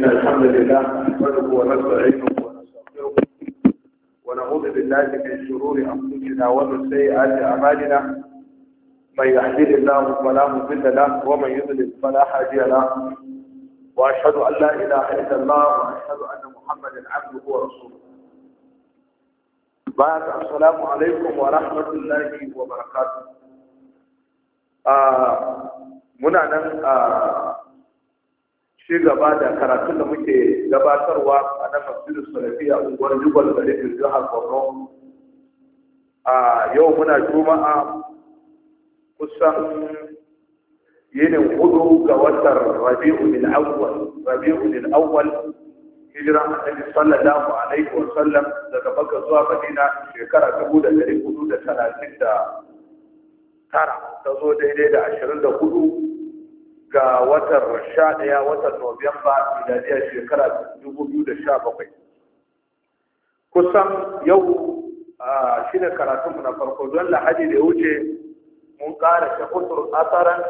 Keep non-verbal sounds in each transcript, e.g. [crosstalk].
إن الحمد لله نحمده ونستعينه ونستغفره ونعوذ بالله من شرور أنفسنا ومن سيئات أعمالنا من يهده الله فلا مضل له ومن يضلل فلا هادي له وأشهد أن لا إله إلا الله وأشهد أن محمدا عبده ورسوله بعد السلام عليكم ورحمة الله وبركاته آه منا آه ci gaba da karatun da muke gabatarwa a nan masjidin salafiya unguwar jubal da rikin a borno a yau muna juma'a kusan yinin hudu ga watan min awwal min awwal hijira annabi sallallahu alaihi wa sallam daga baka zuwa Madina shekara da da da hudu talatin tara, ta zo daidai da ashirin da hudu. ga watan sha ɗaya watan Nuwamba miladiyar shekara dubu biyu da sha bakwai. Kusan yau shi ne karatunmu na farko don lahadi da ya wuce mun ƙara da kusur asaran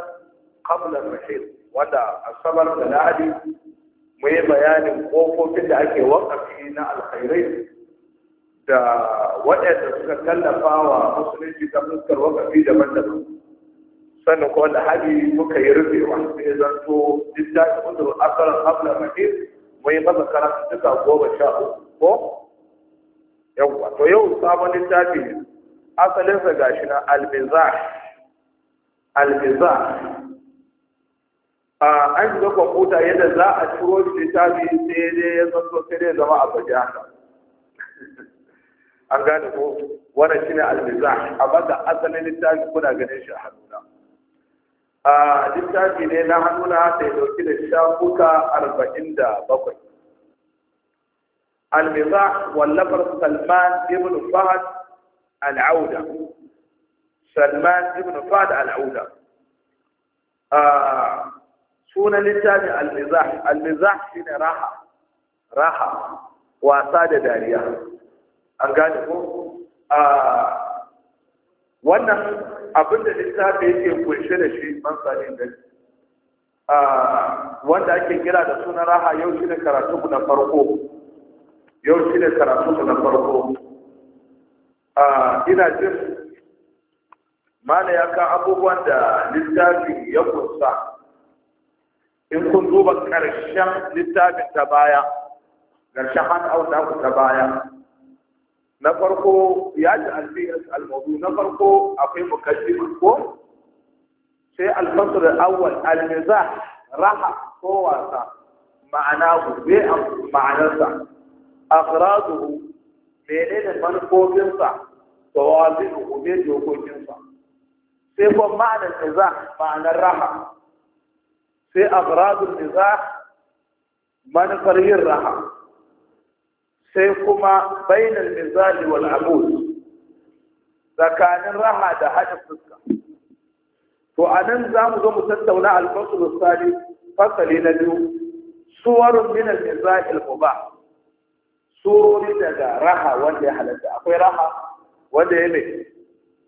kablan rashid wanda asabar da lahadi mu yi bayanin ƙofofin da ake wakafi na alkhairai da waɗanda suka tallafa wa musulunci ta fuskar wakafi daban-daban sannan kuma da hadi muka yi rufewa sai zanto littafin udur asarar abla mahir mai masa karatu duka goma sha uku ko yawwa to yau sabon littafi asalinsa ga shi na albiza albizar an shiga kwamfuta yadda za a ciro shi littafi sai dai ya zanto sai dai zama a baje haka [laughs] an gane ko wannan shine albizar amma da asalin littafi kuna ganin shi a hannuna a littafi ne na hannuna da ya dauki da shafuka arba'in da bakwai almiza wallafar salman ibn fahad al'auda salman ibn fahad al'auda sunan littafi almiza almiza ne raha raha wasa da dariya an gane ko wannan abinda littafi yake kunshe da shi ban sani da wanda ake kira da suna raha yau shi ne karatu na farko yau shi ne karatu na farko ina jin mana ya ka abubuwan da littafi ya kunsa in kun duba ƙarshen littafin ta baya ƙarshen hannun ta baya na farko ya ji albiyas almadu na farko akwai mukaddima ko sai alfasar awwal almiza raha ko wasa ma'ana gube ma'anarsa akhraduhu menene manufofinsa tawazi'u gube dokokinsa sai kuma ma'anar niza ma'anar raha sai akhradul niza manufar yin raha sai kuma bainal mizali wal abud tsakanin raha da hada fuska to anan zamu zo mu tattauna al-fasl sali fasali na biyu suwarun min al-mizali al-mubah surori daga raha wanda ya halatta akwai raha wanda ya ne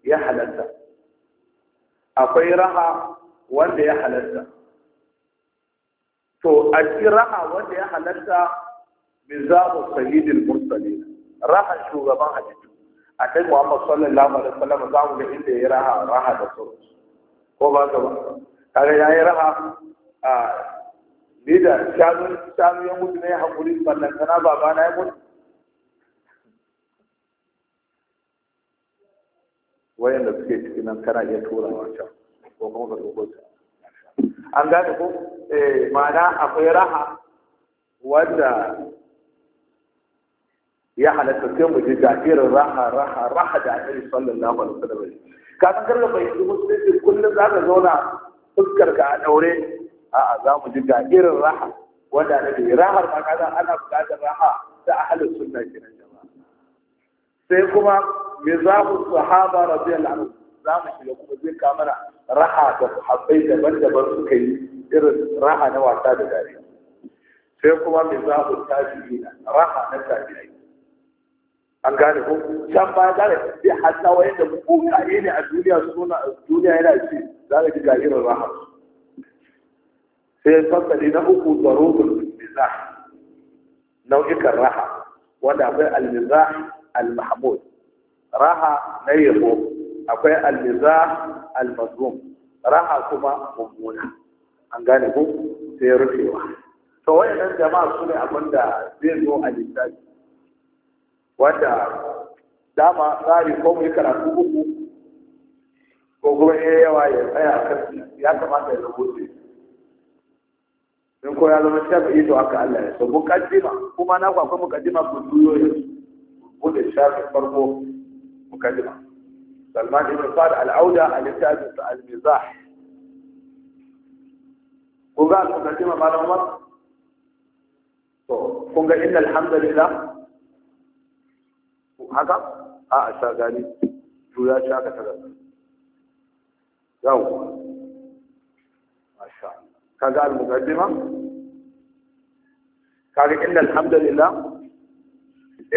ya halatta akwai raha wanda ya halatta to a raha wanda ya halatta mizabu sayyidil mursalin raha shugaban a hadisu akai Muhammad sallallahu alaihi wasallam za mu ga inda ya raha raha da su ko ba ka ga kaga yayi raha a ni da shanu shanu ya mutu ne hakuri ballan kana baba na ya mutu wayanda suke cikin nan kana iya tura wancan, ko kuma ka dogo ta an gane ko eh ma'ana akwai raha wanda ya halatta sai mu ji da raha raha raha da annabi sallallahu alaihi wasallam ka san karka bai yi musulunci kullum za ka zauna fuskar ka a daure a'a za mu ji da raha wanda annabi rahar ma kaza ana buƙatar raha da ahlus sunna kenan jama'a sai kuma za mizahu sahaba radiyallahu anhu za mu shiga kuma zai kamara raha da sahabbai daban-daban suka yi irin raha na wasa da dariya sai kuma za mizahu tabi'ina raha na tabi'ai an gane ko can ba ya gane sai hatta wayan da kukaye ne a duniya su nuna duniya yana ce za ka ji gajiyar raha sai fasali na uku zarurul mizah nau'ikan raha wanda akwai al almahmud al raha na yabo akwai al almazum al raha kuma mummuna an gane ko sai rufewa to wayannan jama'a su ne abinda zai zo a lissafi wanda dama tsari ko mai karatu uku ko kuma ya yawa ya tsaya a kan ya kamata ya rubuce in ko ya zama shafi'i to aka Allah ya so mukaddima kuma na kwa mukaddima ku duyo ya bude shafin farko mukaddima Salman ibn Fad al-Auda al-Tabi al-Mizah ko ga mukaddima malamin to kun ga inna alhamdulillah. haka a a sha gani to ya sha kasar yau masha ka ga al-mukaddi ma ka ga inda alhamdulillah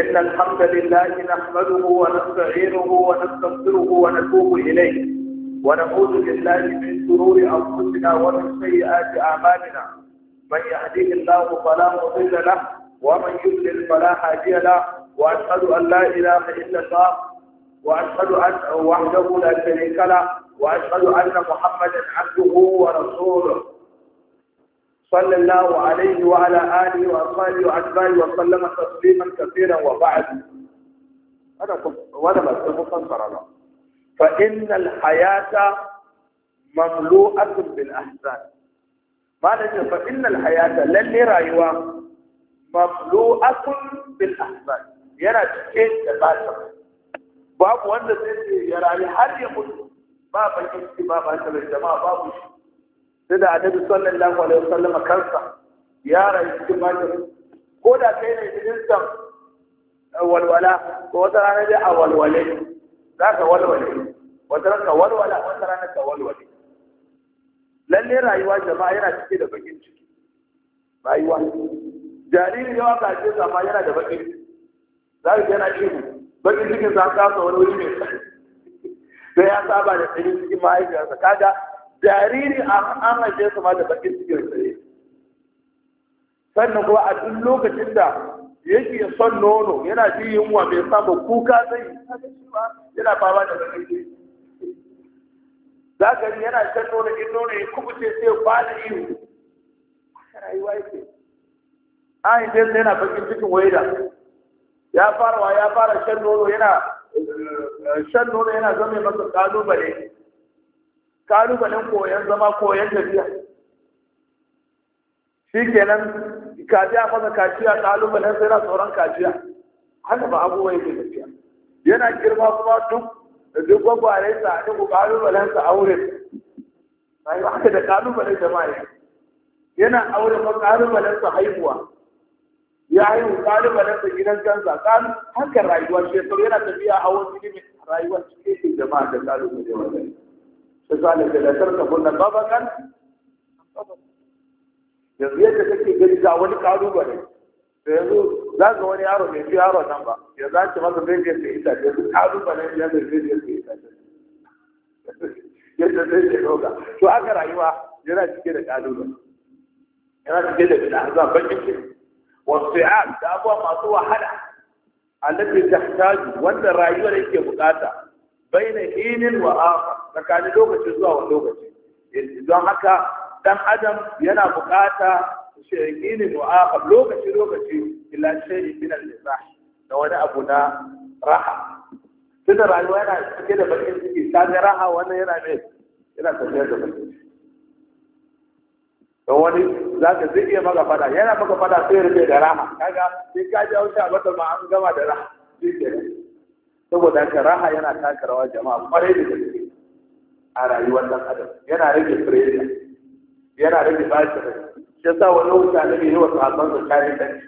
inda alhamdulillah ina wa nasta'inuhu wa nastaghfiruhu wa natubu ilayhi ونعوذ بالله من شرور انفسنا ومن سيئات اعمالنا من يهده الله فلا مضل له ومن يضلل فلا هادي له وأشهد أن لا إله إلا الله وأشهد أن وحده لا شريك له وأشهد أن محمدا عبده ورسوله صلى الله عليه وعلى آله وأصحابه وأتباعه وسلم تسليما كثيرا وبعد أنا وأنا مستنصر فإن الحياة مملوءة بالأحزان ما فإن الحياة للي رأيوا مملوءة بالأحزان yana cike da bata babu wanda zai ya rayu har ya mutu ba bakin ciki ba ba bai jama'a babu shi sai da annabi sallallahu alaihi wasallam kansa ya rayu cikin bakin ko da kai ne jinsan walwala ko wata rana dai a walwale za ka walwale wata rana walwala wata rana ka walwale lalle rayuwa jama'a yana cike da bakin ciki rayuwa jariri yawa ga jinsa ma yana da bakin ciki za ka yana ihu bakin cikin sa kasa wani wuri mai tsari sai ya saba da tsari cikin mahaifiyarsa kaga jariri an haife sa ma da bakin cikin tsari sannan kuma a duk lokacin da yake son nono yana ji yunwa mai saba kuka zai yana fama da bakin ciki za ka yana shan nono in nono ya kubuce sai kwana ihu rayuwa yake ayin sai yana bakin cikin waida ya fara wa ya fara shan nono yana shan nono yana zama masa kalubale kalubalen koyon zama koyon tafiya shi kenan kajiya masa kaciya kalubalen sai na tsoron kaciya haka ba abubuwa yake tafiya yana girma kuma duk duk sa a duk kalubalensa aure. ba haka da kalubalen jama'a yana aure ma sa haihuwa ya yi haihu nan da gidan kansa kan haka rayuwa shekaru yana tafiya a wani ilimin rayuwar cike ce jama'a da kalibale wanda ta zale da lantar ka kunna babakan yanzu yadda kake gani ga wani ne da yanzu za ga wani yaro mai fi yaro nan ba ya za ki masa zai je sai ita yanzu ne ya zai zai je sai ita yadda zai je roga to aka rayuwa yana cike da ba yana cike da bid'a zan bakin والصعاب da abuwa masu wahala allati tahtaju wanda rayuwar yake bukata baina hinin wa akhar tsakanin lokaci zuwa wani lokaci don haka dan adam yana bukata shayinin wa akhar lokaci lokaci illa shay'in min al da wani abu na raha tunda rayuwa yana cike da bakin ciki ta raha wannan yana ne yana tafiya da bakin don wani za ka zai iya maka fada yana maka fada sai rufe da raha kaga sai ka ji hausa mata ma an gama da raha sai ke saboda haka raha yana taka rawa jama'a kwarai da gaske a rayuwar dan adam yana rage fireta yana rage bashi da shi yasa wani wuta ne mai yi wa sahabban da kare dan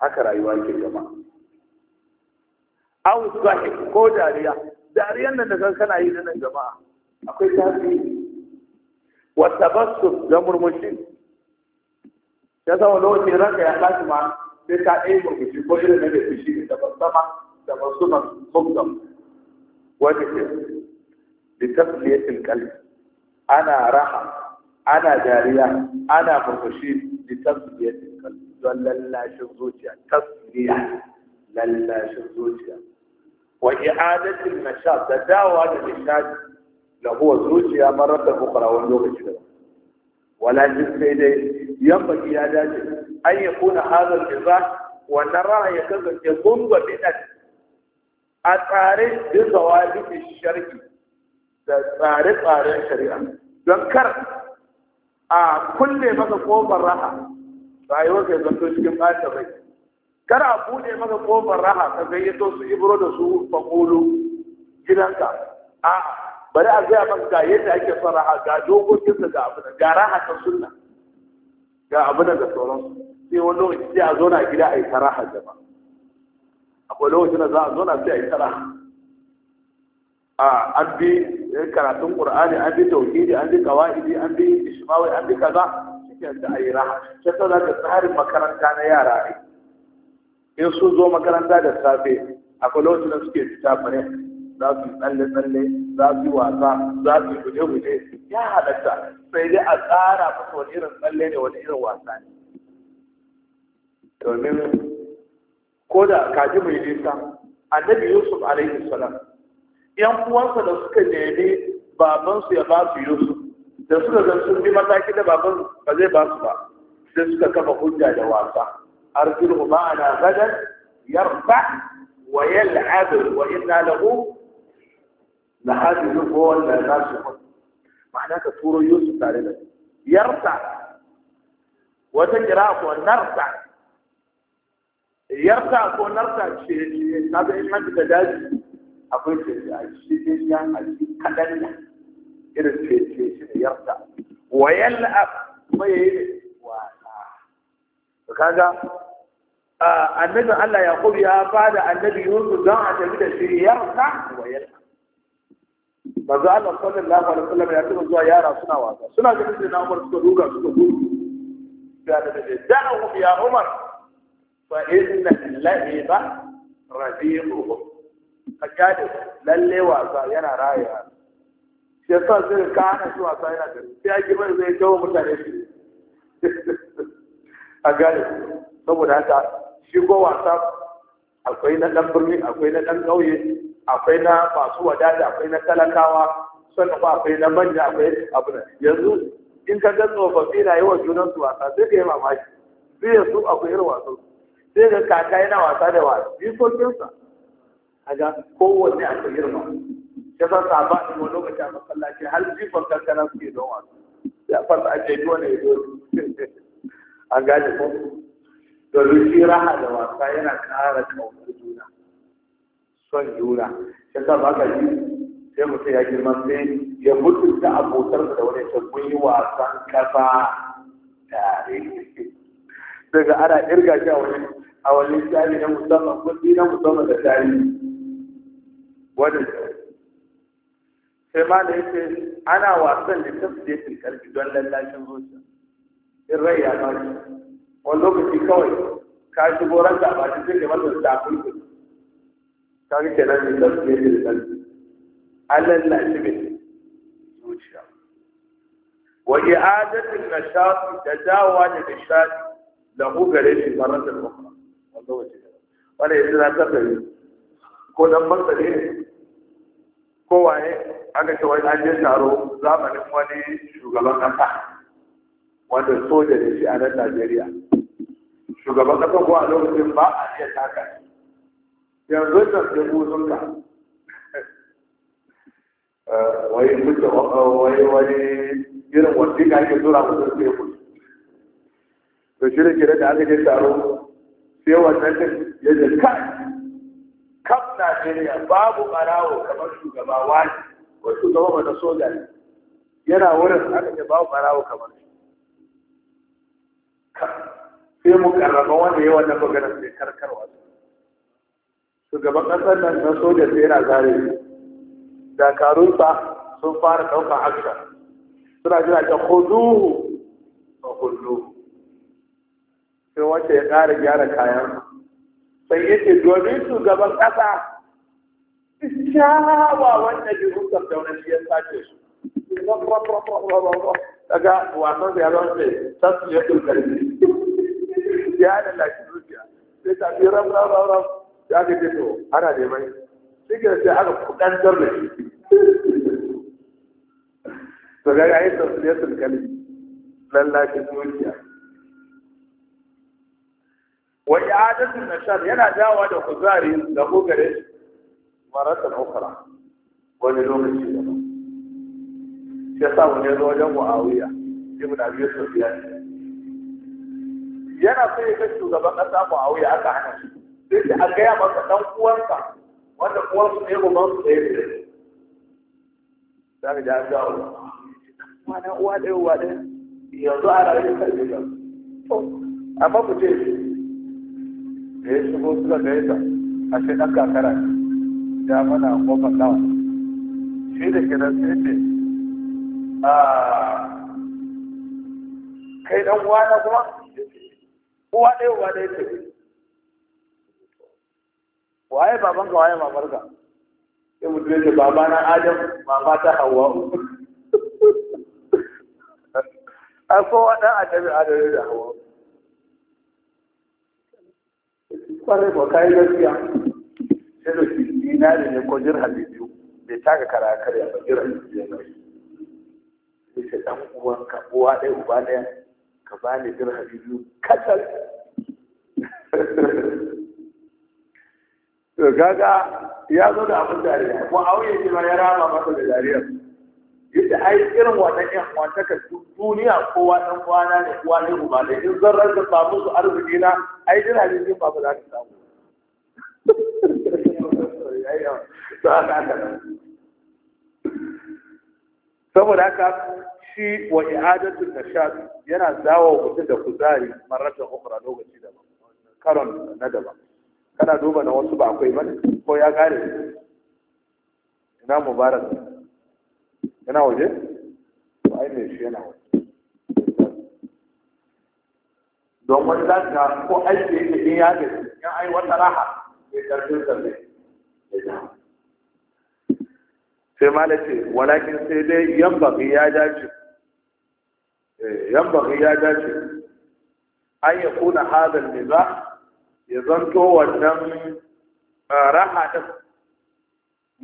haka rayuwa ke jama'a awu sahi ko dariya dariyan nan da kan kana yi da nan jama'a akwai tasiri wata basu don murmushi ya zama lokacin ranka ya tashi ma sai ka ɗaya murmushi ko irin na mai fushi da basama da masu na mugdam wata ce da tasliyatin kalbi ana raha ana dariya ana murmushi da tasliyatin kalbi don lallashin zuciya tasliya lallashin zuciya wa i'adatin nashab da dawa da nishadi lahuwa zuciya marar da bukara wani lokaci da walakin sai dai baki ya dace an ya kuna hazar biza wannan raha ya kasance gumba bidan a tsare bin zawabi sharki da tsare-tsaren shari'a don kar a kulle maka kofar raha rayuwar ka zanto cikin ɓata rai kar a bude maka kofar raha ka gayyato su ibro da su fakulu gidanka a'a bari a gaya maka ga yadda ake son raha ga dokokinsa ga abu ga raha ta sunna ga abu da sauransu sai wani lokaci sai a zauna a gida a yi ta raha jama akwai lokaci na za a zauna sai a yi ta raha a an bi karatun qur'ani an bi tauhidi an bi qawaidi an bi ishmawi an bi kaza cikin da yi raha sai ta da tsarin makaranta na yara ne in sun zo makaranta da safe akwai lokacin da suke fita fare za su tsalle tsalle za su yi wasa za su yi guje-guje ya halatta sai dai a tsara masu wani irin tsalle ne wani irin wasa ne domin ko da kaji mai nisa annabi yusuf alaihi salam yan uwansa da suka nemi babansu ya ba su yusuf da suka ga sun bi mataki da baban ba zai ba su ba sai suka kafa hujja da wasa arzihu ma'ana gadan yarba wa yal'ab wa inna lahu لحاجه دي هو الناس كله معناها تطور يوسف تعالى يرتع وتجرا هو نرتع يرتع هو نرتع شيء شيء طب ايش ما تدال اقول شيء شيء شيء شيء كذا يرتع شيء شيء شيء يرتع ويلعب ما يهيب فكذا النبي الله يقول يا بعد النبي يوسف ذا عشان بدا يرتع ويلعب manzo Allah sallallahu alaihi wasallam ya taba zuwa yara suna wasa suna ganin sai na Umar suka duka suka gudu ya da da da'u ya Umar fa inna al-la'iba rabi'uhum kajade lalle wasa yana raya shi yasa sai ka hana shi wasa yana da sai ya gibar zai kawo mutane shi [laughs] a gane saboda haka shi ko wasa akwai na dan birni akwai na dan kauye akwai na masu wadata akwai na talakawa sannan kuma akwai na manya akwai abu da yanzu in ka ga tsofaffi na yi wa junan su wasa sai ka yi mamaki ya su akwai irin wasan sai ga kaka yana wasa da wasa jikokinsa a ga kowanne akwai irin wasa ya san sabanin wani lokaci a masallaci har jifan kankana suke don wasa ya fasa ake yi wani ya zo [laughs] an gane ko domin shi raha da wasa yana kara kawo juna son juna ya sa ba ka ji sai mutum ya girma sai ya mutunta abotar da wani can kun yi wasan kafa tare ga ana irga shi a wani a wani tsari na musamman kundi na musamman da tsari wani sai ma da yake ana wasan da tafsirin karfi don lallashin zuciya in rai ya ba wani lokaci kawai ka shigo ranta ba shi zai da wannan kaga kenan ne zan ne da dan alal lajibi zuciya wa i'adatin nashat da dawa da nishadi lahu gare shi maratul ukhra wanda wace wala yanzu na ta tafi ko dan masa ne ko waye aka ce wai an je taro zamanin wani shugaban kasa wanda soja ne shi a nan Najeriya shugaban kasa ko a lokacin ba a iya taka yanzu da dubu sun ka eh, wai mutu wai wani irin wani ka ake zura musu sai ku to shi da kira da aka je taro sai wannan din ya je kai kaf Najeriya babu barawo kamar shugaba wani ko shugaba wani soja ne yana wurin aka ce babu barawo kamar shi sai mu karrama wanda ya wannan maganar sai karkarwa shugaban ƙasar nan na soja sai yana zare dakarunsa sun fara ɗaukar action suna jira ta huduhu a huduhu sai wacce ya ƙara gyara kayan sai ce domin shugaban ƙasa wanda ɗabi'un sardauna shi ya sace su daga wasan da ya zama tasu ya ɗin ƙarfi ya da lafi zuciya sai tafi ram ram ram da aka ce to ana neman shi ke sai aka kudantar da shi to ga yayin da su ne sun kalli lallashin dukiya wa i'adatu nashar yana dawa da kuzari da kogare shi maratan ukra wani lokaci da ba shi yasa wani ya zo wajen muawiya ibn abi sufyan yana so ya ga shugaban kasa muawiya aka hana shi sai a gaya uwansa wanda uwansu ne uban su ɗaya ne za ka ji uwa uwa yanzu a ba amma ku ce da ya shigo suka gaisa a shi ɗan kakara ya mana kofar nawa shi da ke nan sai ce kai ɗan uwa na kuma uwa ɗaya uwa ɗaya waye babanka waye mamarka sai mutum yake baba na adam mama ta hawa a wada a tabi adam da hawa kwarai ba kayi gaskiya sai da shi da ne ko jirhami biyu bai taka kara karya ba jirhami biyu ne sai ce dan ka uwa ɗaya uba ɗaya ka bani dirhami biyu kacal [laughs] to ya zo da abin dariya ko auye shi ma ya rama masa da dariya yadda ai irin wannan yan wantaka duniya kowa dan kwana ne kowa ne ne in zan rasa ba musu arziki na ai dina ne ba babu za ka samu saboda haka shi wa i'adatul nashad yana dawo mutum da kuzari marratan ukhra lokaci daban karon na daban kana duba na wasu ba akwai ba ko ya kare ina mubarak ina waje to ai ne shi yana waje don wani za ta ko aiki yake in ya ga in ai wata raha mai karfin sarfe sai malace walakin sai dai yan baki ya dace eh, yan ya dace an ya kuna hadal nizam ya zanto wannan raha zabi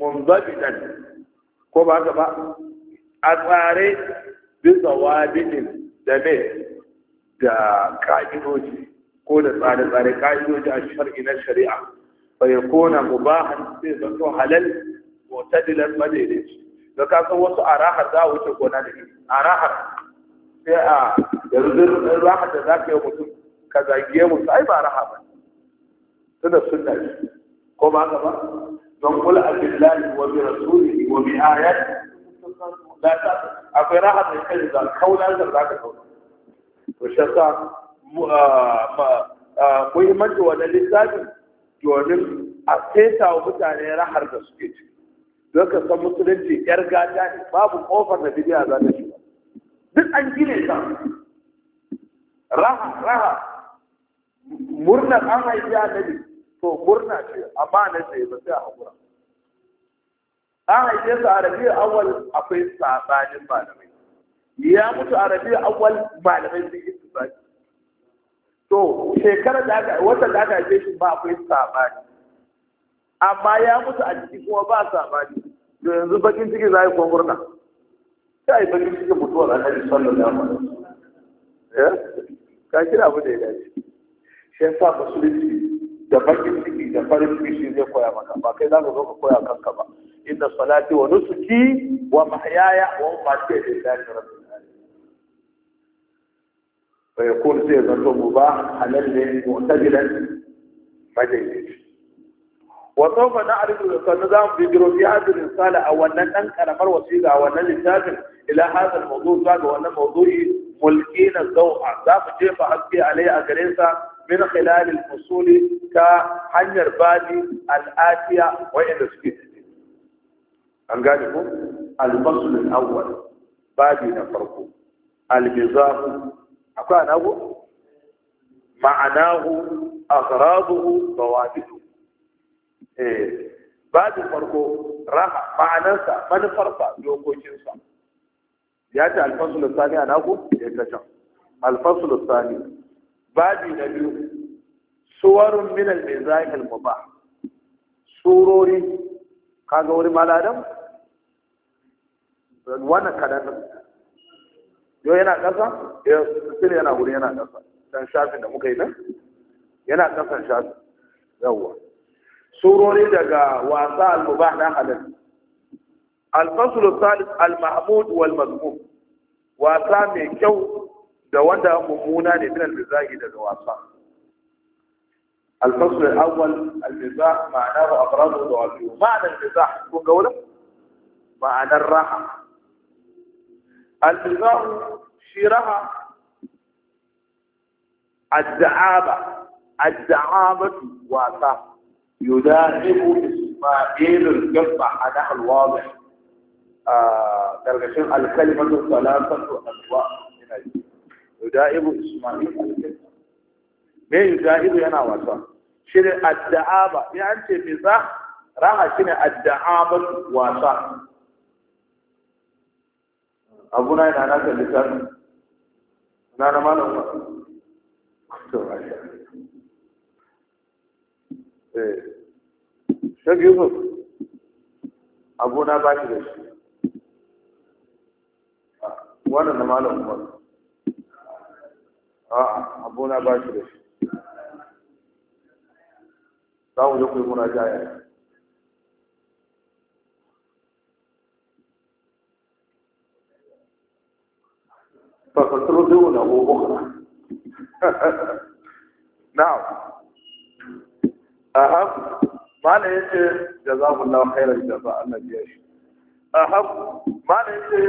munzabitan ko ba ka ba a tsare bisa wadinin da me da ka'idoji ko da tsare-tsare ka'idoji a shari'i na shari'a bai kona mubahan sai zanto halal mutadilan madaidaici da ka san wasu a za a wuce gona da a rahar sai a yanzu rahar da za ka yi mutum ka zage mutum ai ba raha ba tana sunna ce ko ba ka ba don kula a billahi wa bi rasulihi wa bi ayati la ta akwai raha mai kai da kaula da ka kaula to shi yasa muhimmanci wani lissafin domin a saita wa mutane rahar da suke ci don ka san musulunci yar gata ne babu kofar da bidiya za ta shiga duk an gine ta raha raha murnar an haifi annabi to murna ce amma na ce ba sai a hakura a haife su a rabi'u awwal akwai sabanin malamai ya mutu a rabi'u awwal malamai sun yi tsaki to shekarar da aka wata da aka ce shi ba akwai sabani amma ya mutu a ciki kuma ba sabani to yanzu bakin ciki za yi kuma murna yi bakin ciki mutuwar annabi sallallahu alaihi ya eh? ka kira abu da ya dace shi yasa musulunci da bakin ciki da farin ciki zai koya maka ba kai za ka zo ka koya kanka ba inna salati wa nusuki wa mahyaya wa mamati lillahi rabbil alamin fa yakun sai to mubah halal ne mu'tajilan madaidaici wa sawfa na'rifu da sanu za mu bidiro fi hadhihi sala a wannan dan karamar wasiqa a wannan littafin ila hadha al-mawdu' ga wannan mawdu'i mulkina zaw'a za mu jefa haske alai a gare sa min khilal al ta hanyar babi al-atiya wa inda suke tafi an gane ku? al-fasl al-awwal babi na farko al-mizah akwai anago ma'anahu aghraduhu bawabidu eh babin farko raha ma'anarsa manufarsa dokokinsa ya ce alfasul sani a naku ya ta can alfasul sani babi na biyu suwarun minal mai zahil ba surori kaga wuri maladan wannan kadan yau yana ƙasa ya eh, sir yana wuri yana ƙasa dan shafin da muka yi nan yana ƙasan shafin yawwa surori daga wasa al muba na halal al-fasl al-thalith al-mahmud wal mazmum wasa mai kyau da wanda mummuna ne min al-mizahi daga wasa الفصل الأول المزاح معناه أفراده ضعفه معنى المزاح كون قوله معنى الراحة المزاح شيرها الدعابة الدعابة al يداعب إسماعيل al-wadih الواضح ترجمه الكلمة الثلاثة اضواء من الجمع yuda'ibu isma'il me yuda'ibu yana wasa shi ne adda'aba ya an ce miza raha shi ne adda'aban wasa abu na yana naka littafin na na malam ba to rasha eh shi yusuf abu na ba shi da shi wannan na malam ba a'a abuna ba shi da shi za mu je ku yi munajaya fa fatruduna wa ukhra na'am ahab mana yace jazakumullahu khairan jaza Allah ya shi ahab a yace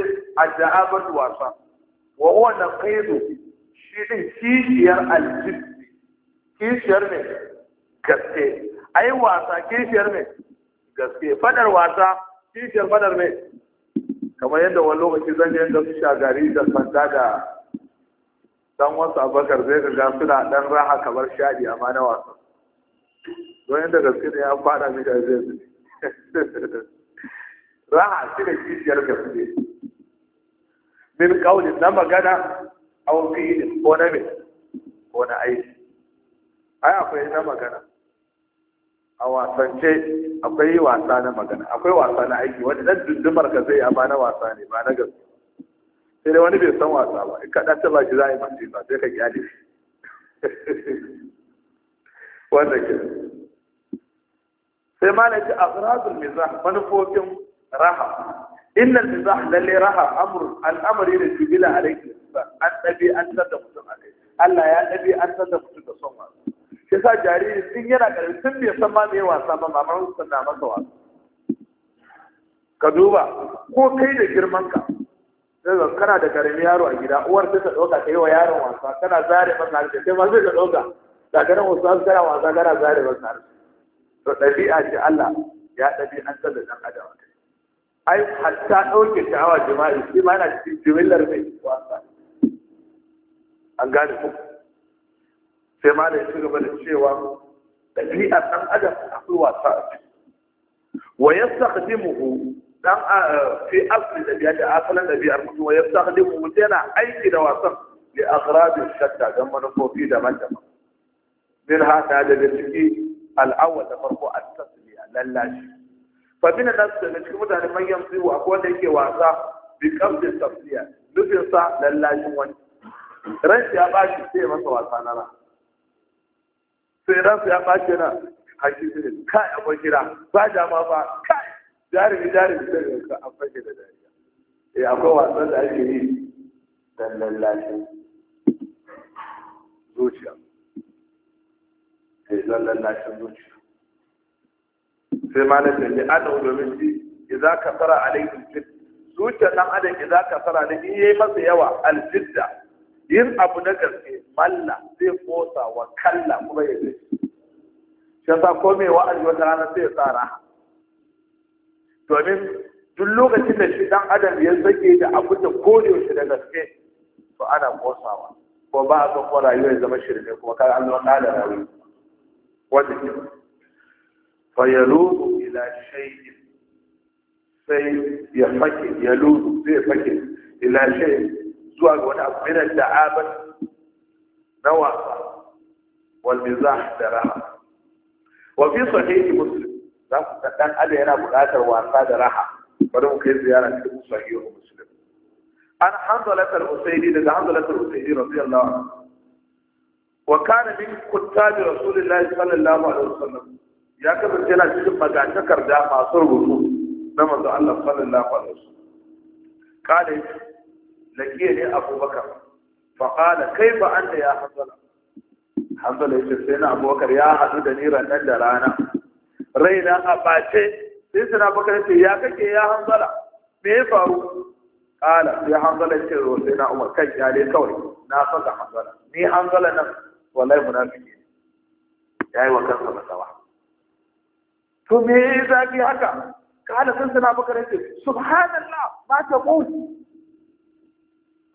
ajabatu wasa wa huwa naqidu shi ne kishiyar aljibbi kishiyar ne gaske ai wasa kishiyar ne gaske fadar wasa kishiyar fadar ne kamar yadda wani lokaci zan yi da su shagari da sanda da dan wasu abakar zai ga suna dan raha kamar shaɗi amma na wasan don yadda gaske ne ya fada mi da zai zuci raha shi da kishiyar gaske min kauli na magana aw fi'ilin ko na me ko na aiki ai akwai na magana a wasance akwai wasa na magana akwai wasa na aiki wani dan dundumar ka zai amma na wasa ne ba na gaske sai dai wani bai san wasa ba in ka dan taba shi zai mace ba sai ka kyale shi [laughs] wanda ke sai malaci azrazul mizah manufofin raha إن mizah lalle raha أمر al'amari ne jibila عليك an أنت an tada mutum يا Allah ya dabi an tada mutum da son wasa sa jariri tun yana karami tun bai san wasa masa ka duba ko kai da girman ka sai kana da karami yaro a gida uwar sai ta dauka yi wa yaron wasa kana zare masa harshe sai ma ka dauka ga ganin wasu kana wasa kana zare ɗabi'a ce Allah ya an ai hatta ɗauke sha'awa jima'i shi ma yana cikin jimillar mai wasa an gane ku sai ma da ya ci gaba da cewa ɗabi'ar ɗan adam akwai wasa a ciki wa yastakdimuhu dan ah, fi da biyar da asalin ɗabi'ar mutum wa sai yana aiki da wasan li aghradi shatta don manufofi daban-daban min haɗa daga ciki al'awwal da farko at-tasliya lallashi fa min nas daga cikin mutane man wa ko wanda yake wasa bi da tafsiya nufin sa lallashin wani ran ya bashi sai masa wasa na ra sai ran ya bashi na hakiki kai akwai kira ba ma ba kai jarumi jarumi sai ka fage da dariya eh akwai wasan da ake yi dan lallashin zuciya eh dan lallashin zuciya sai malam da ya ana domin shi idza kasara alaihi fit zuciyar dan adam idza kasara da in yayi masa yawa aljidda yin abu na gaske malla zai kosa wa kalla kuma ya zai shi yasa ko wa wa'azi wata rana sai ya tsara domin duk lokacin da shi dan adam ya zage da abu da shi da gaske to ana kosawa ko ba a son rayuwar zama shirme kuma kaga an zama kada rayuwa wanda ke فيلوذ إلى شيء سيفكر يلوذ سيفكر إلى شيء سواء من الدعابة نوى والمزاح دراها وفي صحيح مسلم لأن أبي هنا بقاتل وأنقاد راحة فلو كيف زيارة صحيح مسلم لك الحسيني لذا حمد لك الحسيني رضي الله عنه وكان من كتاب رسول الله صلى الله عليه وسلم ya kasance yana cikin magatakarda masu rubutu na manzo Allah sallallahu alaihi wasallam kada lakiya ne abubakar fa kada kaifa anta ya hanzala hanzala ce sai na abubakar ya hadu da ni ranar da rana raina a bace sai sai abubakar yace ya kake ya hanzala me ya faru kala ya hanzala ya ro sai na umar kan ya dai kawai na saka hanzala ni hanzala nan wallahi munafiki yayi wa kansa masawa to me zafi haka kala sun suna baka rage subhanallah ba ta mutu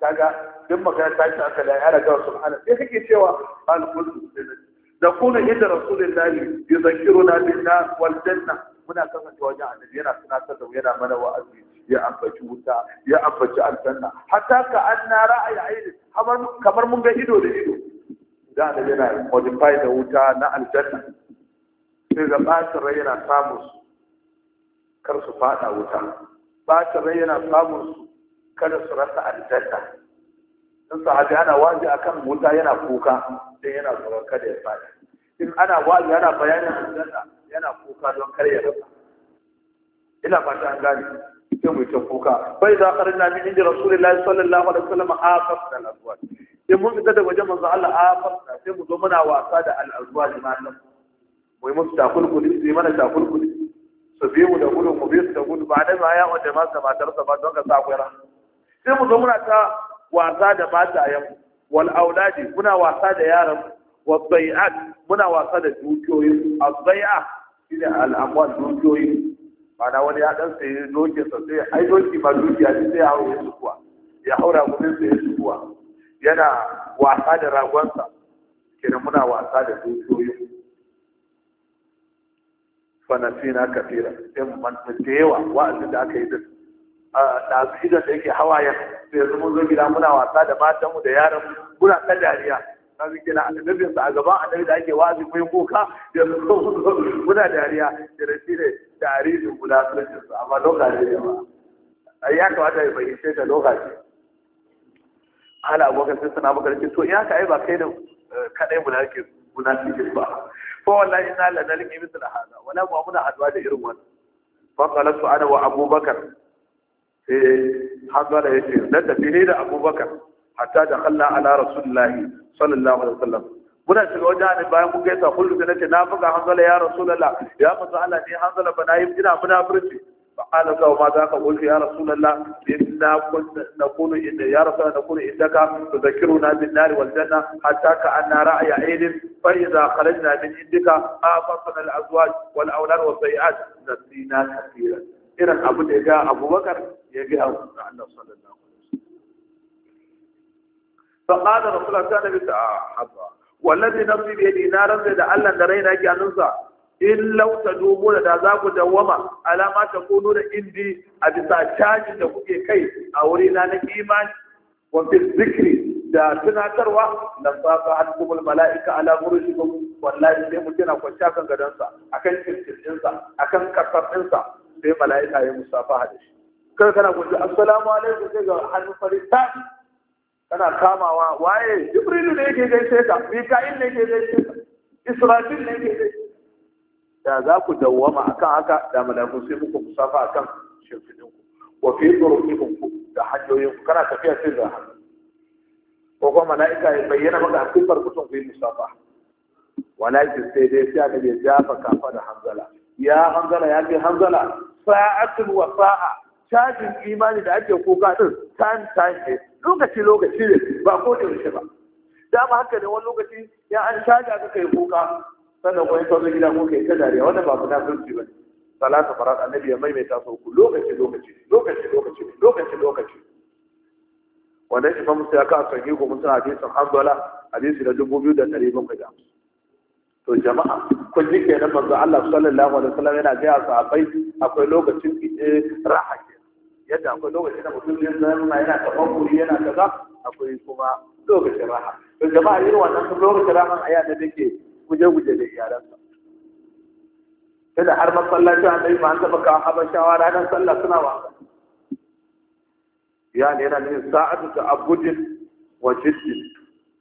kaga duk ta shi aka da yara gawa subhanallah sai kake cewa Ba na qudus da kuna inda rasulullahi yuzakkiruna bin nar wal janna muna kasance wajen annabi yana ta da yana mana wa'azi ya ambaci wuta ya ambaci aljanna hatta ka an na ra'ayi aini kamar mun ga ido da ido da annabi yana modify da wuta na aljanna sai ga ɓacin rai yana samun su kar su faɗa wuta ɓacin rai yana samun su kada su rasa aljanna in sahabi ana a kan wuta yana kuka don yana tsoron kada ya faɗi in ana waje ana bayanin aljanna yana kuka don kar ya rasa ina fata an gane sai mu ta kuka bai za karin na min inda rasulullahi sallallahu alaihi wasallam afafna al-azwaj in mun fita da wajen manzo Allah afafna sai mu zo muna wasa da al-azwaj ma nan mu yi musu takulkuli su yi mana takulkuli su bi mu da gudu mu bi su da gudu ba da ma ya wanda ma sa matar sa ba don ka sa kwera sai mu zo muna ta wasa da matayen wal auladi muna wasa da yaran wa bai'at muna wasa da dukiyoyin azbai'a shine al'amwal dukiyoyin ma'ana wani ya dan sai dokin sa sai ai doki ba dukiya ne sai ya hawo su kuwa ya haura gudun sai ya su kuwa yana wasa da ragonsa kenan muna wasa da dukiyoyin fanasina kafira sai mu manta da yawa wa'azin da aka yi da ɗazu idan da yake hawayen sai yanzu mun zo gida muna wasa da matanmu da yaran muna ta dariya na zuke na annabin sa a gaban annabi da ake wa'azi mai kuka yanzu muna dariya da rashi ne tarihin munafurcin sa amma lokaci ne ba ya kamata ya fahimce da lokaci ala abokan sai suna maka to ya ka ai ba kai da eh, kaɗai cikin ba fa wallahi inna la nalqi mithla hada wala mu muna haduwa da irin wannan fa qalatu ana wa abubakar sai hazara yace dan tafi ne da abubakar hatta da khalla sallallahu alaihi muna shiga wajen hannun bayan mun gaisa kullu da nace na buga hanzala ya rasulullah ya manzo Allah ne hanzala bana na yi ina munafurci فقال له ما ذاك قلت يا رسول الله إنا كنا نكون يا رسول الله نكون إنك تذكرنا بالنار والجنة حتى كأن رأي عين فإذا خرجنا من عندك أعطتنا الأزواج والأولاد والسيئات نسينا كثيرا إذا أبو جاء أبو بكر يجاء الله صلى الله عليه وسلم فقال رسول الله صلى الله عليه وسلم آه، والذي نفسي بيدي نارا لألا نرينا جانوسا in lauta dubu da za ku dawwama alama ta kunu da indi a bisa caji da kuke kai a wuri na na imani wa fil zikri da tunatarwa na safa hankumul mala'ika ala murushikum wallahi sai mutum tana kwanciya kan gadonsa akan kirkirinsa akan karfafinsa sai mala'ika ya musafa da shi kar kana gwaji assalamu alaikum sai ga hannun farista kana kamawa waye jibrilu ne yake gaishe ka mika'il ne yake gaishe ka israfil ne yake gaishe da za ku dawwama akan haka da mala'iku sai muku musafa kan shimfidin ku wa fi turuqikum da hanyoyin kana tafiya sai da hannu ko kuma mala'ika ya bayyana maka hakikar kusan ku yi musafa walakin sai dai sai aka ya jafa kafa da hanzala ya hanzala ya ce hanzala sa'atul wa sa'a cajin imani da ake kuka din time time ne lokaci lokaci ne ba ko da yaushe ba dama haka ne wani lokaci ya an caja ka kai kuka sannan kuma in ka zo gida ko kai ta dariya wannan ba munafurci ba salatu farat annabi ya maimaita sau ku lokaci lokaci lokaci lokaci lokaci lokaci wannan shi fa musu ya ka sanyi ko musu hadisin hanzala hadisi na dubu biyu da ɗari bakwai da to jama'a kun ji kenan manzo Allah sallallahu alaihi wasallam yana ga sahabbai akwai lokacin eh, raha ke yadda akwai lokacin da mutum zai zama yana tafakkuri yana kaza akwai kuma lokacin raha to jama'a irin wannan lokacin raha ayyana da take guje-guje da iyalansa da har masallacin annabi ma an taɓa kawo habashawa ranar sallah suna Ya ne yana nufin sa'adu ta abudin wa jiddin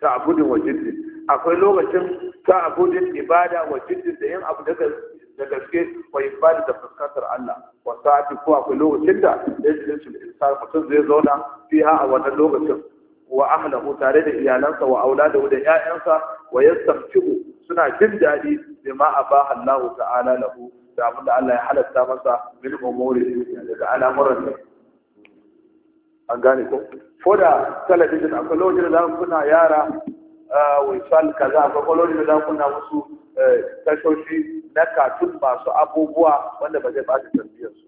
ta abudin wa jiddin akwai lokacin ta abudin ibada wa jiddin da yin abu daga da gaske wa ibada da fuskantar Allah wa sa'adu ko akwai lokacin da ya yajlisul insan mutum zai zauna fiha a wannan lokacin wa ahlahu tare da iyalansa wa auladahu da ƴaƴansa wa yastamti'u suna jin daɗi a ba Allah ta'ala lahu da abin da Allah ya halatta masa min umuri daga al'amuran ne an gane ko ko da talabijin akwai lokacin da za kuna yara wisal kaza akwai lokacin da za kuna musu e, tashoshi na katun masu abubuwa wanda ba zai bata tarbiyyar su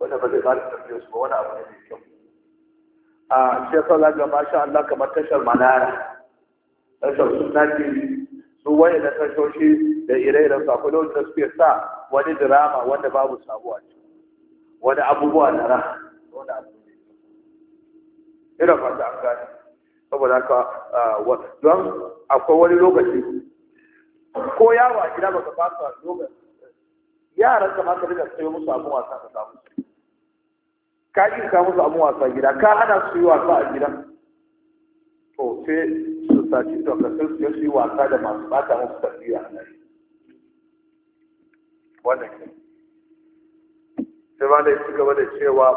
wanda ba zai bata tarbiyyar su ba wani abu ne mai kyau a shekara ga masha Allah kamar tashar manara tashoshin na tv su waye da tashoshi da ire-iren su akwai lokacin da suke sa wani drama wanda babu sabuwa ce wani abubuwa na raha wani abubuwa ne irin fata an gani saboda haka don akwai wani lokaci ko yawa a gida baka fasa lokaci yaran ka masu rikar sayo musu abin wasa ka samu ka yi ka musu abin wasa gida ka hana su yi wasa a gida to sai sace to ka san ya shi wasa da masu bata musu tafiya a nan wannan ke sai ba da ya ci gaba da cewa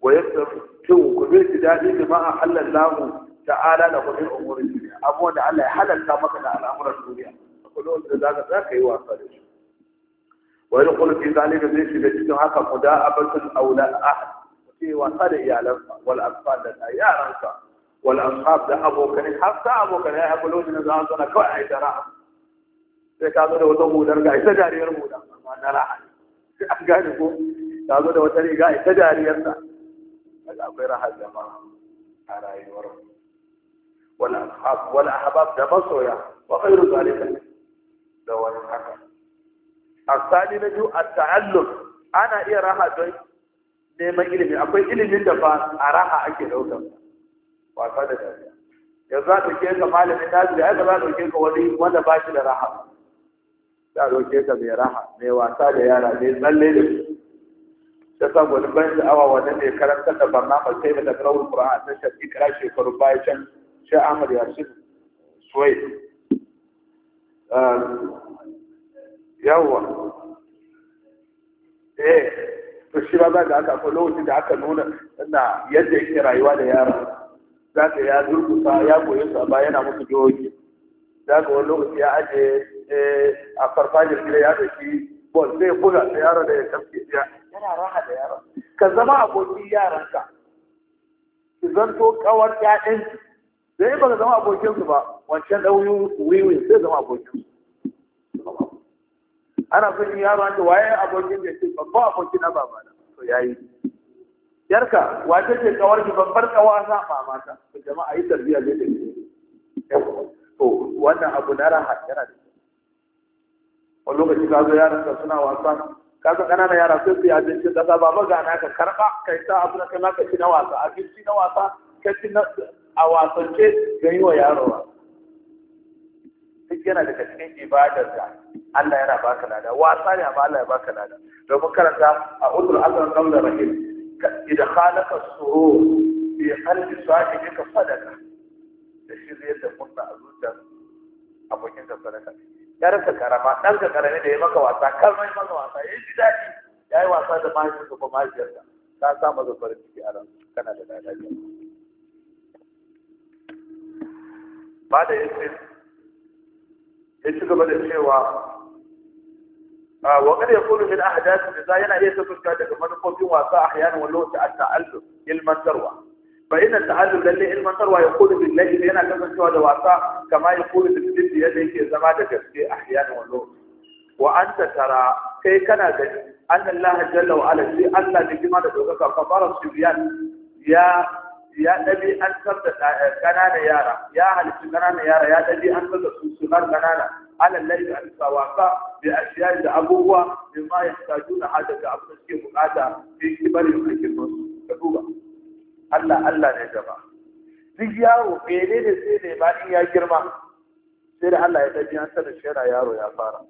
wa ya san cewa ku bi da daɗi da ma'a halar lamu ta ala da kuma yin umarin duniya abubuwan wanda Allah ya halarta maka da al'amuran duniya a kullum da za ka yi wasa da shi wa yin kullum fi zalika zai shiga cikin haka ku da abatun aula a cewa wasa da iyalansa wal asfal da yaransa wal ashab da abokanai hatta abokanai ya haɓa lokacin da za kawai a yi dara sai ka zo da wata hudar ga ita jariyar hudar amma dara a ne an gane ko ka zo da wata riga ita jariyarsa daga akwai rahar jama'a a rayuwar wal ashab da masoya wa khairu zalika da wani haka asali na biyu a ana iya raha don neman ilimi akwai ilimin da ba a raha ake ɗaukar wasa da dariya yanzu za a ɗauke ka malamin nasu ya ga za a ɗauke ka wani wanda ba shi da raha za a ɗauke ka mai raha mai wasa da yara mai tsalle da su ta sa wani ban sha'awa wannan ne karanta da barnamar sai da takarar Qur'an ta shafi kira shekaru baya can shi Ahmad Yasir Suwai eh, yawwa eh to shi ba za ka aka ko lokacin da aka nuna yadda yake rayuwa da yara Zaka ya durkusa ya koyi su a baya yana musu jihohi zaka wani lokaci ya aje eh, a farfajin gida ya ɗauki bol zai buga da yaro da ya kamfe ya yana raha da yaro ka zama abokin yaranka ki zanto kawar ƴaƴan zai ba ka zama abokin su ba wancan da wiwi zai zama abokin su ana son yaro an waye abokin da ke babban abokin na babana to yayi yarka wace ce kawar ki babbar kawa sa ba mata jama'a yi tarbiyya ne da ke to wannan abu na raha yana da a lokaci ka zo yaran ka suna wasa ka san ƙananan yara sai su yi abincin ƙasa ba ba gana ka karɓa kai ta abu na kai ma na wasa abinci na wasa kaci na a wasance ga yi wa yaro wa duk yana daga cikin ibadar da Allah yana baka lada wasa ne amma Allah ya baka lada domin karanta a ulul azan qawla rahim idkhalaka surur fi qalbi sa'idika sadaka da shi zai da murna a zuciyar abokin ka sadaka yarsa karama dan ka karame da ya maka wasa kan mai maka wasa yayi ji dadi yayi wasa da mahaifin ka ko mahaifiyarka ka sa maka farin ciki a ranka kana da dadi ba ya ci gaba da cewa آه، وقد يقول من احداث الزاينه إيه هي تكون هذا من قوتي واسع احيانا ولو التعلم علم الثروه فان التعلم للي علم الثروه يقول بالله هنا لازم تكون واسع كما يقول بالسد يديك زماده كفتي احيانا ولو وانت ترى كي كان ان الله جل وعلا في ان لكما دوكا فصار السبيان يا يا نبي انت آه، كنانا يارا يا هل كنانا يارا يا نبي انت سنار كنانا ala lalle a bisa wasa bi ashiyar da abubuwa mai ma ya saju na hada ga abin da suke bukata fi kibarin a kirman su ka duba Allah Allah ne gaba duk yaro mene ne sai ne ba in ya girma sai da Allah ya tafi an sanar shi yana yaro ya fara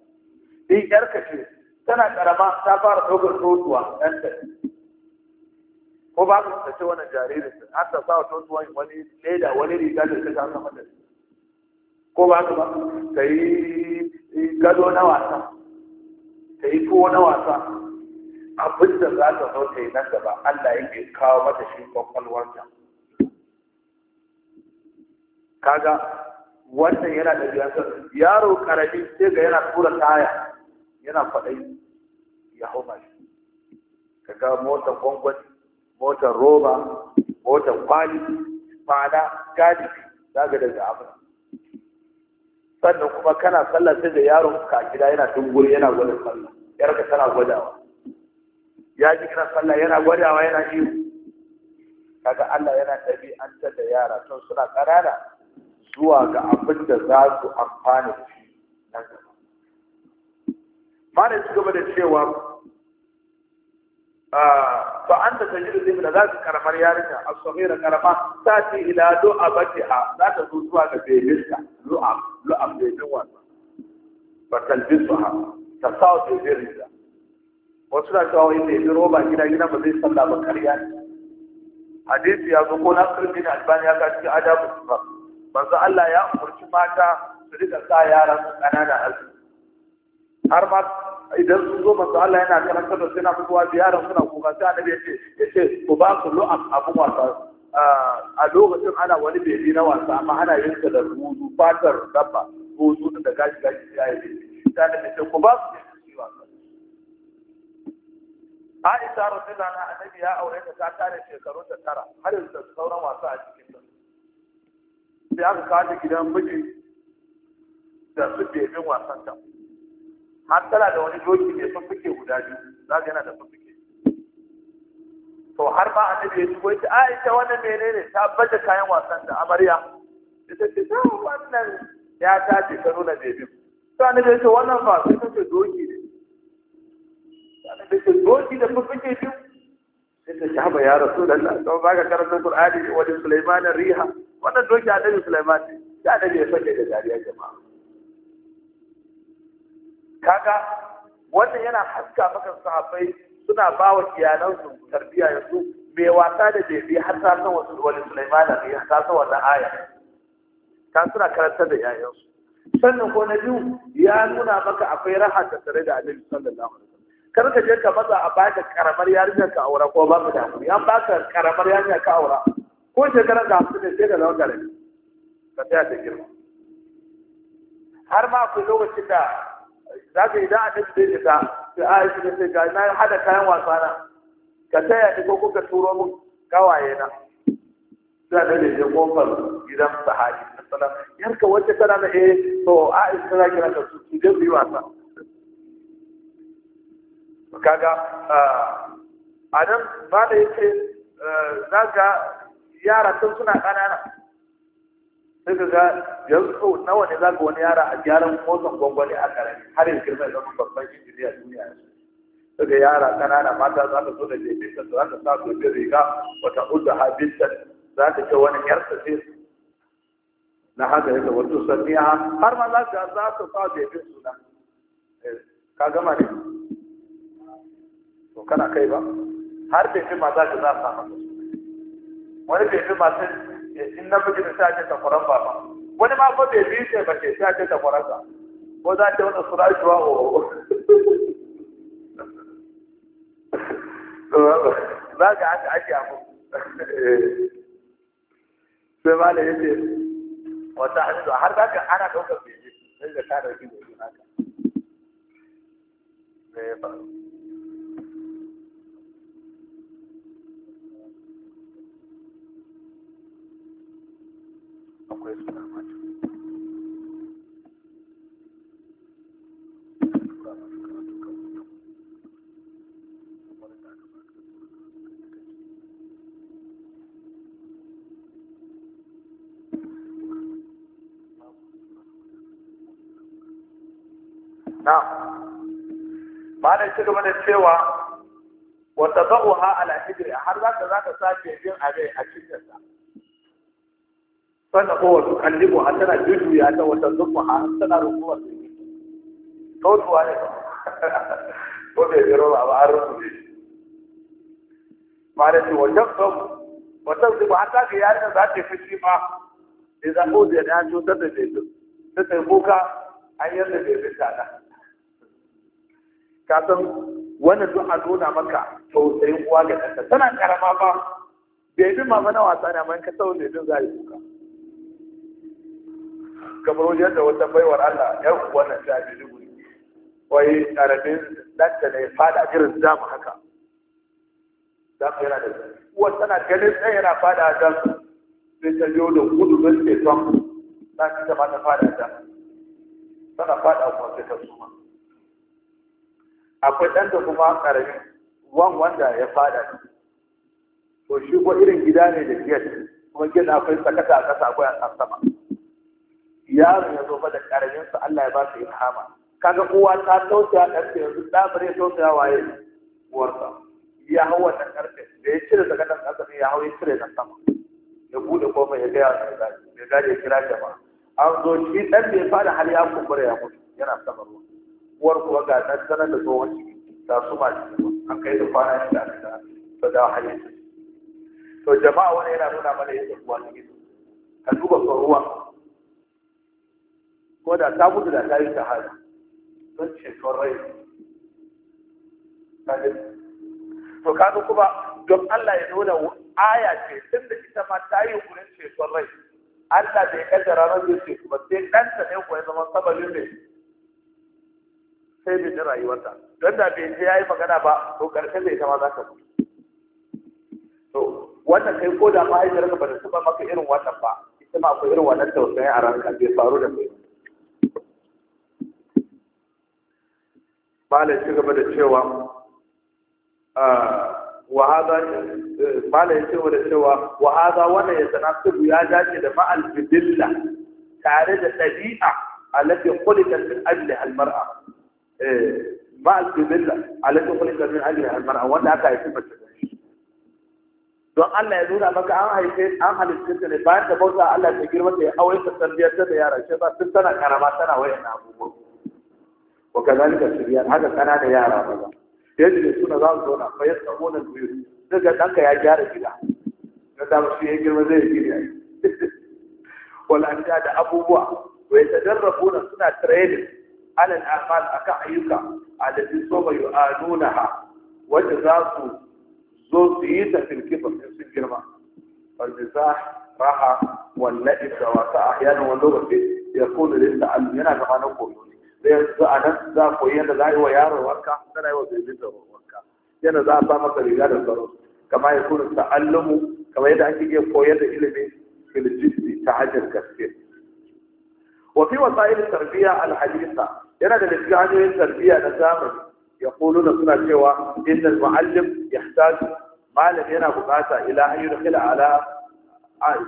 in ka ce tana ƙarama ta fara ɗaukar totuwa ɗan ta ko ba ka ce wani jaririn an ta sa totuwa wani leda wani riga da ta kasa mata ko ba ka ba ka yi gado na wasa ka yi tuwo na wasa abin da za ta zo ta yi nan gaba Allah ya ke kawo mata shi kwakwalwarta kaga wannan yana da biyasar yaro karami sai ga yana tura taya yana faɗai ya hau mashi ka ga motar gwangwani motar roba motar kwali ma'ana galibi zaga daga abin sannan kuma kana sallah sai da yaron ka gida yana dunguri yana gwada sallah yarka tana gwadawa ya ji kana sallah yana gwadawa yana ji kaga Allah yana ɗabi'antar da yara to suna ƙanana zuwa ga abin da za su amfana da shi nan gaba. Malam ci gaba da cewa fa anta tajidu zai da za su karamar yarinya a samira karama ta ce ila du'a a za ta zo zuwa ga bebinta lu'a lu'a bebin wannan ba ha ta sa wa bebin rija wasu na cewa wani bebin roba gida gida ba zai sallah ba karya ne hadisi ya zo ko na kirkin albani ya kaci adabu su ba banza Allah ya umarci mata su rika sa yaran su ƙanana har ma idan sun zo masu Allah yana karanta da suna fitowa ziyarar suna kuka sai annabi yace yace ku ba ku lu'ab abun wasa a lokacin ana wani bebi na wasa amma ana yin ta da rudu fatar dabba ko rudu da gashi gashi sai ya yi ta da ce ku ba su wasa Aisha radiyallahu ana annabi ya aure ta ta tare shekaru ta tara har yanzu sauran wasa a cikin ta sai aka kawo gidan miji da su bebin wasan ta matsala da wani doki ne sun fike guda biyu za ka yana da fike to har ma annabi ya shigo yace a ita wannan menene ta baje kayan wasan da amarya ita ce ta wannan ya ta ce ka nuna bebin to annabi ya ce wannan ba sai ta doki ne annabi ce doki da fuffuke biyu sai ta ce haba ya rasulullah to ba ka karanta qur'ani wajen sulaiman riha wannan doki annabi sulaiman ne da annabi ya fade da dariya jama'a kaga wannan yana haska maka sahabbai suna ba wa iyalansu tarbiyya yanzu mai wasa da bebe har ta san wasu wani sulaimana ne har ta san wata aya ta suna karanta da yayansu sannan ko na biyu ya nuna maka akwai raha ta tare da annabi sallallahu alaihi wasallam kar ka je ka matsa a baka karamar yarinya ka aura ko ba ka da hakuri an baka karamar yarinya ka aura ko shekarar da su ne sai da zama garin ka tsaya ta girma har ma akwai lokacin da za ka idan annabi zai fita sai aisha ta ce ga na hada kayan wasa na ka taya ni ko kuka turo min kawaye na da annabi ya kofar gidan sahabi sallallahu alaihi yarka wacce tana na eh to aisha tana kira ka su je su yi wasa kaga ah, a nan ba da yake eh, za yara sun suna ƙanana sai ka ga yanzu nawa ne za ka wani yara a gyaran motsan gwangwani a karami har yanzu girma zama babban injiniya duniya daga yara ƙanana mata za ka zo da jefinta za ka sa gobe riga wata ha habinta za ka ce wani yarsa ce na haka yadda wato sanniya har ma za ka za ka sa jefin suna eh, ka gama ne to kana kai ba har jefin ma za ka za ka sa maka wani jefin ma sai in namiji da ta ce takwaran baba wani ma fa bai bi sai ba ke ce ta ce takwaran ko za ta wani sura shi wa o za ka haka ake amu sai ma da yake wata hannu har za ka ana ɗaukar bi sai da ta ɗauki bebe haka. akwai suna mata na malai ci gaba da cewa wata za'uha ala hijri har za ka za ka sace jin abin a cikinsa sana kowa kalli kallibu a tana jujuya ta wata zuwa a tana rukuwa su yi kautuwa ne ko bai biro ba ba an rukuwa ba da ce wajen kan wajen zuba an ta ga yarin za ta fi shi ma idan ko da ya cutar da bai ta sai kuka an yadda da fi tada ka san wannan duk a nuna maka tausayin kuwa ga ɗanta tana karama ba bai bi mama na wasa na man ka sau ne duk za yi kuka kamar wajen da wata baiwar Allah yan uwan nan ta bi dubu wai arabin danta ne fada irin zamu haka za yana da uwar tana ganin tsaye yana fada a dan sai ta biyo da gudu don ceton ta ci ta fada a dan tana fada kuma sai ta suma akwai ɗan da kuma ƙarami wan wanda ya fada to shi ko irin gida ne da gate kuma gida akwai tsakata a ƙasa akwai a sama yaron ya zo ba da karamin sa Allah ya ba su ilhama kaga uwa ta tausaya dan ta yanzu da bare tausaya waye uwarsa ya hau wannan karfe da ya cire daga dan kasa ya hau ya cire nan sama ya bude kofa ya ga yaron ya gaje kira jama'a an zo shi dan bai fara har ya kumbura ya mutu yana sama ruwa uwar kuwa ga nan sanar da tsohon ciki ta su ma an kai da kwana shi da aka ta da hali to jama'a wani yana nuna mana yadda kuwa ne ka duba ruwa ko da ta gudu da ta yi shahada don ceton rai to kaga kuma don Allah ya nuna aya ce din da ita ma ta yi wurin ceton rai Allah bai kaddara ranar da ce kuma sai ɗanta ne ko ya zama sababin ne sai bai ji rayuwarta don da bai je ya yi magana ba to ƙarshen da ita ma za ka mutu to wannan kai ko da mahaifiyarka ba ta taɓa maka irin wannan ba ita ma akwai irin wannan tausayin a ranka bai faru da kai bala ah, ci gaba da cewa wa hada bala ya cewa da cewa wa hada wannan ya tanasibu ya dace da ma'al bidilla tare da dabi'a allati khuliqat min ajli al mar'a eh, ma'al bidilla allati khuliqat min ajli al mar'a wanda aka yi mace don Allah ya nuna maka an haife an halitta ta ne bayan da bauta Allah ta girma ta ya aure ta tarbiyyar ta da yara shi ba sun tana karama tana wayan abubuwa wa kazalika siriyan haka kanana yara maza yadda suna za su zauna fa yasa gonan biyu daga ɗanka ya gyara gida na dama shi ya girma zai gida [laughs] wal'anta da abubuwa wai ta darrabuna suna training alal a kan ayyuka a da sun so mai nuna ha wanda za su zo su yi ta girma walbiza raha wallahi da wasa a ya da yana gaba na koyo zai yanzu a nan za a koyi yadda za a yi wa yaron wanka a yi wa bebin da wanka yadda za a sa masa riga da tsaro kamar ya kuna ta'allamu kama yadda ake iya koyar da ilimin filjisi ta hajjar gaske wa fi wasa'il tarbiyya al-hadisa yana da cikin hanyoyin tarbiyya na zamani يقولون suna cewa innal muallim yahtaju malam yana bukata ila an yudkhila ala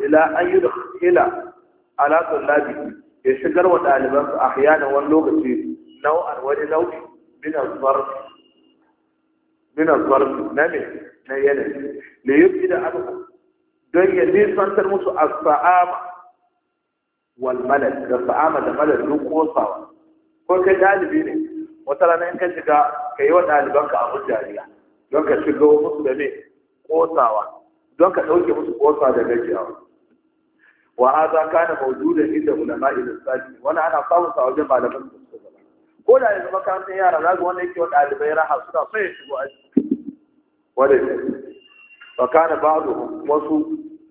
ila an yudkhila ala tullabi ya shigar wa ɗaliban su ahyanan wani lokaci nau'ar wani nau'i min azwar min na me na yanayi da yi da alhu don ya nisantar musu a saama wal da sa'ama da malar duk kosawa ko kai ɗalibi ne wata rana in ka shiga ka yi wa ɗalibanka abin jariya don ka shiga musu da me kosawa don ka ɗauke musu kosa da gajiyawa wa hadha kana mawjudan inda ulama'i al-islam wani ana samun sa wajen malaman da suka zama ko da yanzu makarantar yara za ga wanda yake wa dalibai raha suna so ya shigo aji wanda ya fa kana ba'du wasu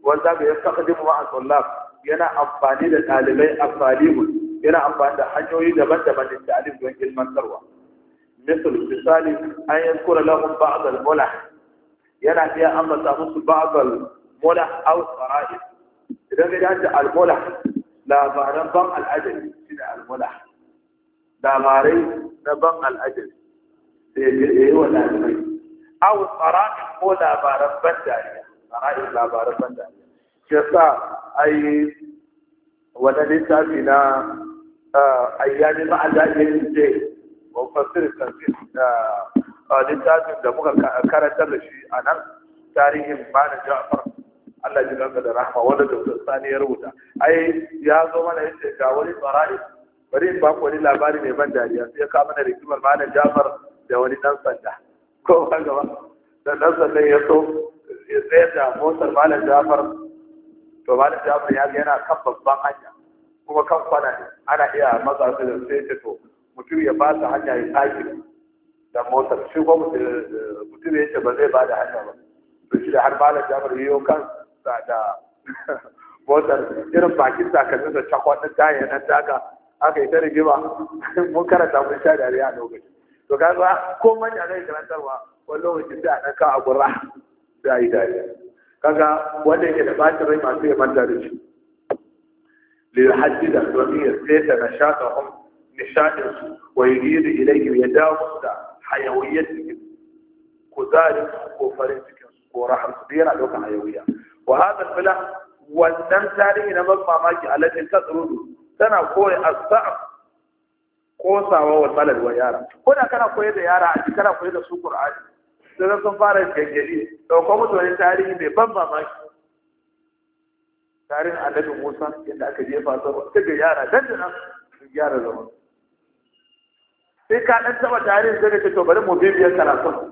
wanda ga yastaqdimu ma'a tullab yana amfani da dalibai afalihun yana amfani da hanyoyi daban-daban da ta'alim don ilmantarwa misal misali an yankura lahum ba'd al-mulah yana iya ambata musu ba'd al-mulah aw fara'id إذا قد أنت الملح لا ماري نبق الأجل إذا الملح لا ماري نبق الأجل إيه ولا أجل أو الطرائق هو لا بارب بندانية طرائق لا بارب بندانية كسا أي ولنسا فينا آه، أيام ما أجل إنسي وفصل التنسيح لنسا فينا كارتر لشي أنا تاريخ ما نجاء فرق Allah ji kansa da rahama wanda Dr. Sani ya rubuta ai ya zo mana yace ga wani tsara'i bari in ba ku wani labari mai ban dariya sai ya kawo mana rikimar malam Jafar da wani dan sanda ko ba gaba da dan sanda ya so ya tsayar da motar malam Jafar to malam Jafar ya ga yana kan babban hanya kuma kan kwana ne ana iya maza su da sai ta to mutum ya ba su hanya ya tsaki da motar shi ko mutum ya ce ba zai ba da hanya ba to shi da har malam Jafar ya yi kan sa da [laughs] motar irin bakin takalmin da cakwa ɗin tayi nan daga aka yi ta rigima [laughs] mun karanta mun sha dariya a lokacin to ka ga ko manya zai karantarwa wani lokacin sai a ɗan ka a gura da yi dariya kaga wanda yake da bacin rai masu yi manta da shi ليحدد الضمير كيف نشاطهم نشاطهم ويريد إليهم يداوم حيويتهم كذلك وفرنسك ورحمة yana ɗaukar حيوية wa hadal bila wannan tarihi na ban mamaki alatin tasrudu tana koyi as-sa'ab kosawa wa talal wa yara ko da kana koyar da yara a kana koyar da su qur'ani sai sun fara gangari dauko musu wani tarihi mai ban mamaki tarihin annabi Musa yadda aka jefa sa ta ga yara dan da yara zama. sai ka dan taba tarihin sai ka ce to bari mu bibiyar karatun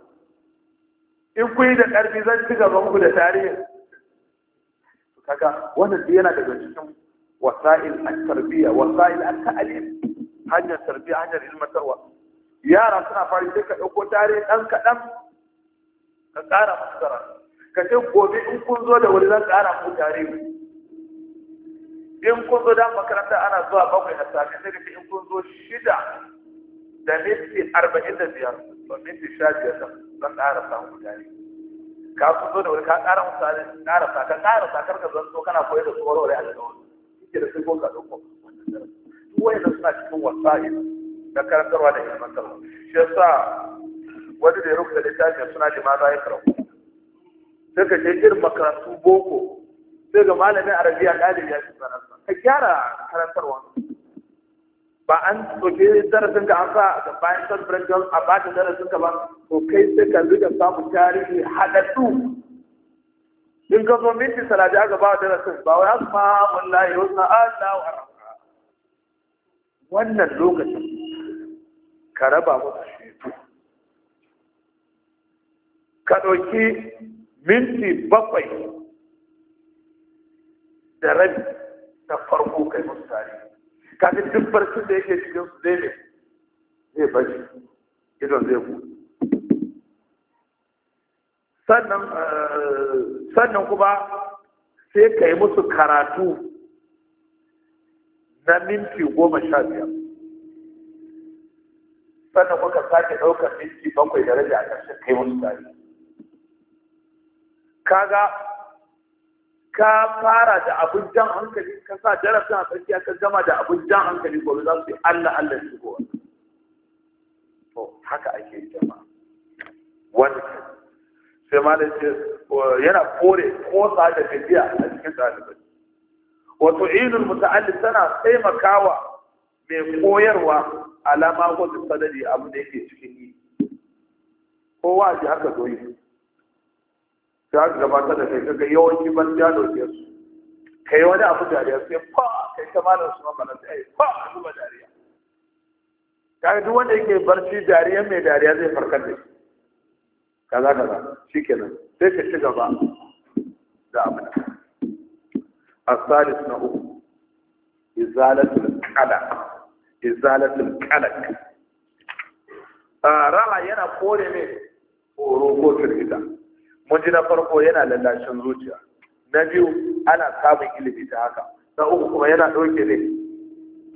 in kuyi da ƙarfi zan ci gaba muku da tarihin kaga wannan duk yana daga cikin wasa'il at-tarbiyya wasa'il at-ta'lim hanyar tarbiyya hanyar ilmantarwa yara suna fari sai ka dauko tare dan kadan ka tsara musu tsara. ka ce gobe in kun zo da wuri zan tsara muku tare in kun zo da makaranta ana zuwa bakwai na safe sai ka ce in kun zo shida da minti arba'in da biyar minti sha biyar da zan tsara samu tare ka kun zo da wuri ka ƙara mutane ƙara sa ka ƙara sa kar ka so kana koyar da su warware a cikin wani suke da sigo ko ka ɗauko duk wayannan suna cikin wasa'il na karantarwa da ilmantarwa shi sa wani da ya rubuta littafin suna za ya karatu sai ka je irin makarantu boko sai ga malamin arabiya ɗalibi ya ci sanarsa ka gyara karantarwa ba an tsoke darasin ka an da bayan san brendel a ba da darasin ka ba to kai sai ka da samun tarihi haɗaɗɗu in ka zo minti talatin aka ba darasin ba wai asma wallahi wasu Allah wa wannan lokacin ka raba musu shetu ka ɗauki minti bakwai da rabi ta farko kai musu tarihi kaga duk barcin da yake cikin su dai ne zai bari, idan zai ku sannan eh, sannan kuma sai ka yi musu karatu na minti goma sha biyar sannan kuka sake ɗaukar minti bakwai da rabi a ƙarshen kai musu tare kaga ka fara da abin jan hankali ka sa darasin a tsakiya ka gama da abin jan hankali gobe za su yi Allah Allah su gobe to haka ake jama'a wani sai malam ce oh, yana kore sa da gajiya a cikin dalibai wato inul muta'allim tana taimakawa mai koyarwa alama wajen sadari abin da yake cikin yi kowa ji haka zo yi Za aka gabatar da kai kaga yawanci ban ya dauke su kai wani abu dariya sai fa kai ta malam su mamala sai fa a zuba dariya kaga duk wanda yake barci dariya mai dariya zai farkar da shi kaza kaza shikenan sai ka ci gaba da abin uku, نقول إزالة القلق إزالة القلق yana kore ne horo ko تركتا mun ji na farko yana lallashin zuciya na biyu ana samun ilimi ta haka na uku kuma yana ɗauke ne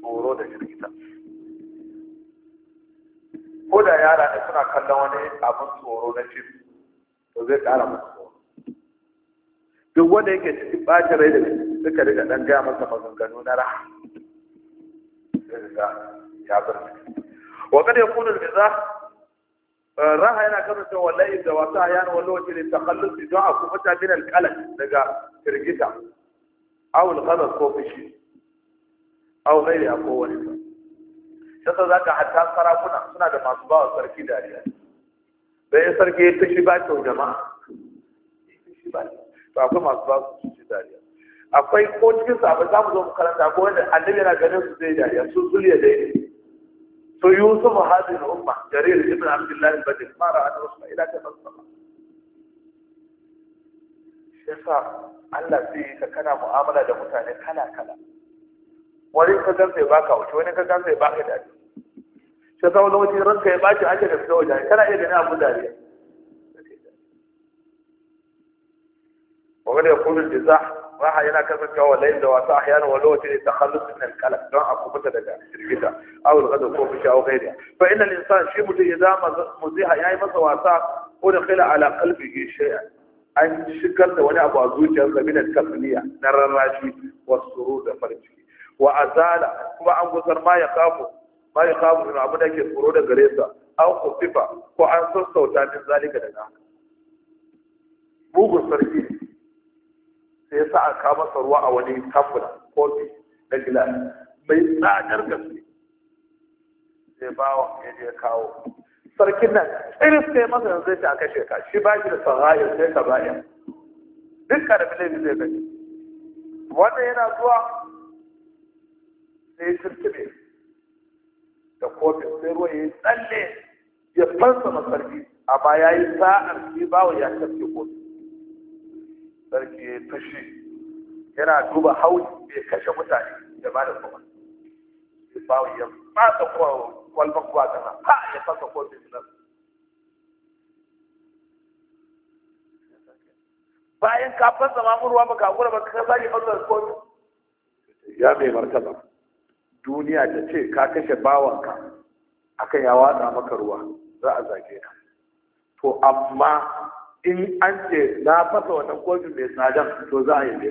tsoro da firgita ko da yara ne suna kallon wani abin tsoro na shi to zai ƙara musu tsoro duk wanda yake cikin ɓacin rai da suka riga ɗan gaya masa maganganu na raha ya zarfi wa kada ya kuna da raha yana kasance wallahi da a yana wani wace ne takallus don a kufuta min alqalam daga firgita awul alqalam ko fishi aw gairi ko wani ba za zaka hatta sarakuna suna da masu bawa sarki dariya bai sarki ya fishi ba kyau jama'a ba akwai masu ba su ci dariya akwai ko cikin sabon za mu zo mu karanta ko wanda annabi yana ganin su zai dariya sun zuliya daidai فيوسف هذه الأمة جرير ابن عبد الله البدر ما رأى رسول إلى كما اصطفى yasa Allah sai ka kana mu'amala da mutane kala kala wani ka gan sai baka wuce wani ka gan sai baka da shi yasa wani wajen ranka ya baci ake da fita wajen kana iya gani abu dariya wani ya kunu da za raha yana kasancewa layin da wasu ahyana wa lokacin da takhallus min al-qalb don a kubuta daga shirgita a al-ghadab ko fushi a ghayriha da. To ina insan shi mutum idan muziha yayi masa wasa ko da kai ala qalbihi shay'an an shigar da wani abu a zuciyar min al na rarrashi wasu surur da farin ciki wa azala kuma an gusar ma ya kafu ma ya kafu abu da ke tsoro da gare sa an kufifa ko an sassauta min zalika daga na. bugun sarki sai ya sa a kawo masa ruwa a wani kafuna kofi na gilas mai tsadar gaske sai bawa ya kawo sarkin nan irin sai masa yanzu zai ta kashe ka shi ba shi da sarayar sai ka bayan duk karfi ne zai gani wannan yana zuwa sai tuntube da kofin sai ruwa ya yi tsalle ya fansa masarki amma ya yi sa'ar shi bawa ya kashe kofin sarki ya fashi yana duba hauli bai kashe mutane da ba da kuma bawo ya fasa kwalban kuwa kana ha ya fasa kofin nan bayan ka fasa mamurwa ba ka gura ba ka zagi ɓangaren kofin ya mai martaba duniya ta ce ka kashe bawanka akan ya watsa maka ruwa za a zage ka to amma in an ce na fasa wata kofin mai tsadan to za a yi ne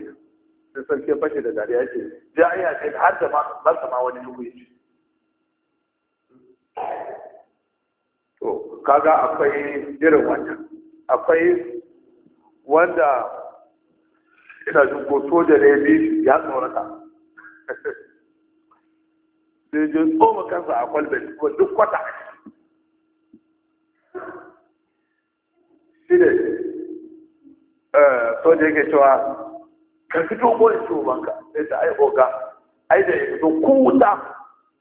da sarki fashe da dariya ce a a cikin har da ba ta ma wani hukunci to kaga akwai irin wannan akwai wanda ina jin ko soja ne bi ya tsorata [laughs] sai jin tsoma kansa a kwalbin duk kwata shi ne eh, soja yake cewa ka fito ko in ci ubanka sai ta ai oga ai da ya fito ko wuta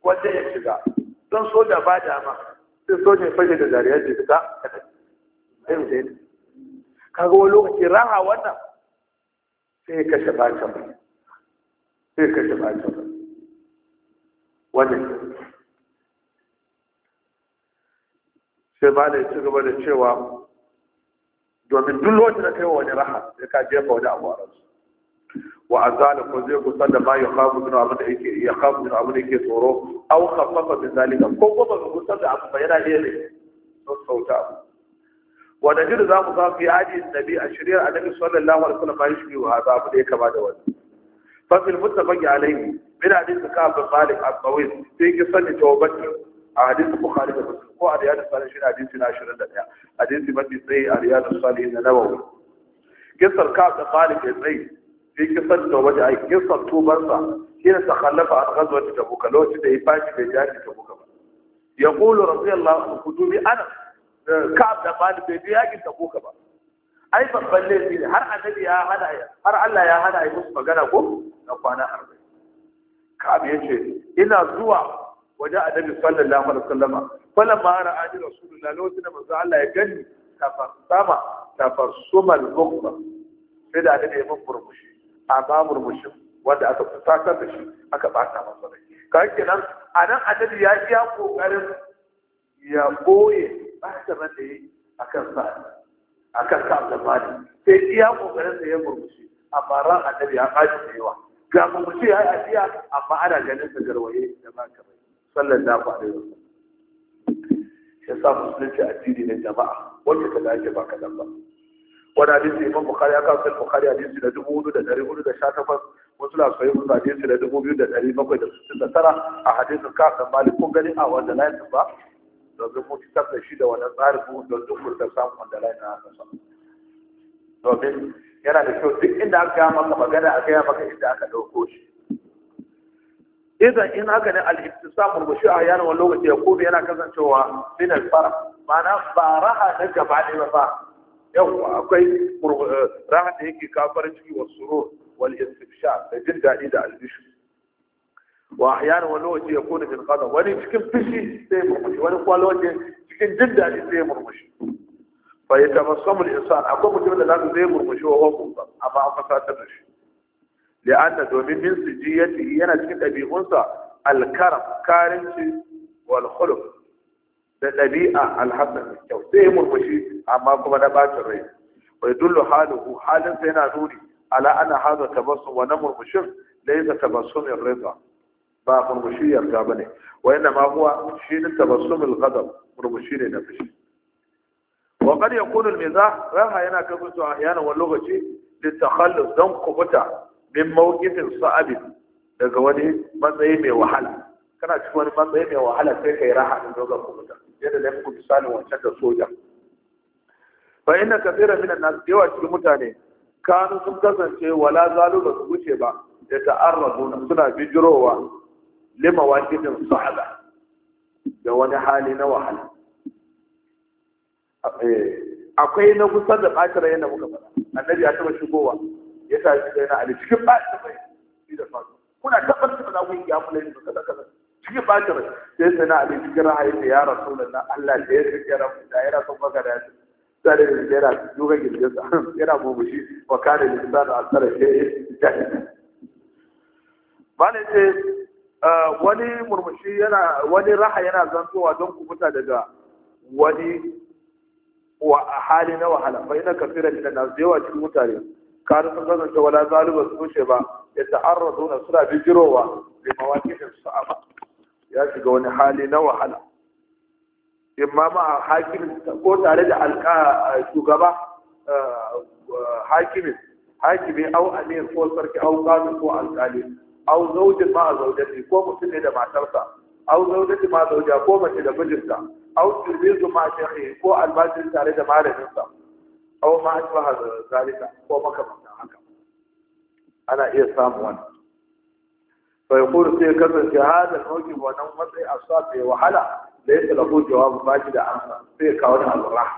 wajen ya shiga don soja ba dama sai soja ya fage da dariya ce fita sai mu sai kaga wani lokaci raha wannan sai ya kashe bacin sai ya kashe bacin wannan sai ba da ya ci gaba da cewa domin duk lokacin da kai wa wani raha sai ka jefa wani abu a ransu wa azala ko zai kusa da ma ya khafu min abin da yake ya khafu min abin da yake tsoro aw khaffafa min zalika ko ko ba kusa da abu ba yana ne ne sauta abu wa da jira zamu ga fi hadis nabi a shirya annabi sallallahu alaihi wasallam ya shirya wa abu da ya kama da wani fa fil muttafaqi alaihi bin hadis ka bin malik al-tawil sai ki sani tawbati a hadisin bukhari da muslim ko a riyadu salihin shi hadisi na 21 hadisi mafi tsayi a riyadu salihin na nawawi kisar ka da malik ya tsayi fi kisar da wajen ai kisar tubar sa shi ne takhallafa a gazuwar da buka lokacin da ya fashi bai jari tabuka ba ya kulu radiyallahu anhu kudubi ana ka da malik bai ji yakin buka ba ai babban laifi ne har annabi ya hada har Allah ya hada ai musu magana ko na kwana 40 ka ya ce ina zuwa wajen annabi sallallahu alaihi wasallam falan ma ara ajin rasulullah lokacin da manzo Allah ya gani tafassama tafassumal bukma sai da annabi ya mun murmushi amma murmushi wanda aka fusatar da shi aka bata masa rai kan kenan anan annabi ya iya kokarin ya boye bata ran da yayi akan sa akan sa zamani sai ya kokarin da ya murmushi a ran annabi ya kaji da yawa ga murmushi ya yi ajiya amma ana ganin sa garwaye da ba kamar sallallahu alaihi wasallam ya sa musulunci addini ne jama'a wanda ka da ake ba kaɗan ba wani hadisi imam bukari aka sai bukari hadisi na dubu hudu da dari hudu da sha takwas wasu na soyi musu hadisi na dubu biyu da dari bakwai da sittin da tara a hadisin ka san malik kun gani a wanda layin ba domin mun fitar da shi da wani tsarin mu don duk mun samu wanda layin na haka sa domin yana da kyau duk inda aka yi maka magana a gaya maka inda aka ɗauko shi idan in haka ne al-ibtisamul khushu'a yana wani lokaci ya kome yana kasancewa min al-farah ma'ana ba raha na gaba ne ba yau akwai eh, raha da yake kafar ciki wa surur wal istifsha da jin daɗi da albishu wa ahyana wani lokaci ya kone min qada wani cikin fishi sai murmushi wani kuma lokaci cikin jin daɗi sai murmushi fa yatamassamu al-insan akwai mutum da zai murmushi wa hukunta amma an fasa da shi li'anna domin min sujiyati yana cikin ɗabi'unsa alkaram karinci wal khuluq da ɗabi'a alhassan mai kyau sai murmushi amma kuma na bacin rai bai dullu haluhu halin sai na nuni ala ana haza tabassum wa na murmushin laysa tabassumin rida ba murmushi yarda bane wa yana ma huwa shi ne tabassumul ghadab murmushi ne na fushi wa qad yakunu al-mizah raha yana kafa su ahyana wal lokaci litakhallus dan kubuta min mawqifin sa'ib daga wani matsayi mai wahala kana cikin wani matsayi mai wahala sai kai raha da zo ga kubuta yadda da ku misalin wancan da soja fa inna kathira min an-nas yawa cikin mutane kanu sun kasance wala zalu ba su wuce ba da ta'arrabu suna bijirowa lima wajibin sahaba da wani hali na wahala eh, akwai na kusa da ɓacin rai da muka fara? annabi ya taɓa shigowa ya shi sai na ali cikin ɓacin rai shi da fasu kuna tabbatar da za ku yi kiyamul laili ba kaza kaza cikin ɓacin rai sai sai na ali cikin rahayi da ya rasu da na Allah da ya rike rafu da ya rasu maka da ya ce sai da yana duka girgisa yana bubushi wa kare lisanu a tsara shi ya yi ba ne ce ah, wani murmushi yana wani raha yana zantowa don ku kubuta daga wani wa hali na wahala bai na kafira da na yawa cikin mutane kada sun kasance wala zaluba su wuce ba ya ta'arradu na suna bijirowa da a ba ya shiga wani hali na wahala imma ma hakimin ko tare da alƙa shugaba hakimin hakimi au amir ko sarki au kanu ko alƙali au zaujin ma a zaujati ko mutum ne da matarsa au zaujati ma zauja ko mace da mijinta au turbizu ma shekhi ko albashin tare da malaminsa aw ma asbaha zalika ko makamantan haka ana iya samu wannan fa yaqulu sai kasance hada nauki wannan matsayi asabe wahala da yake da jawabu ba shi da amsa sai kawo da Allah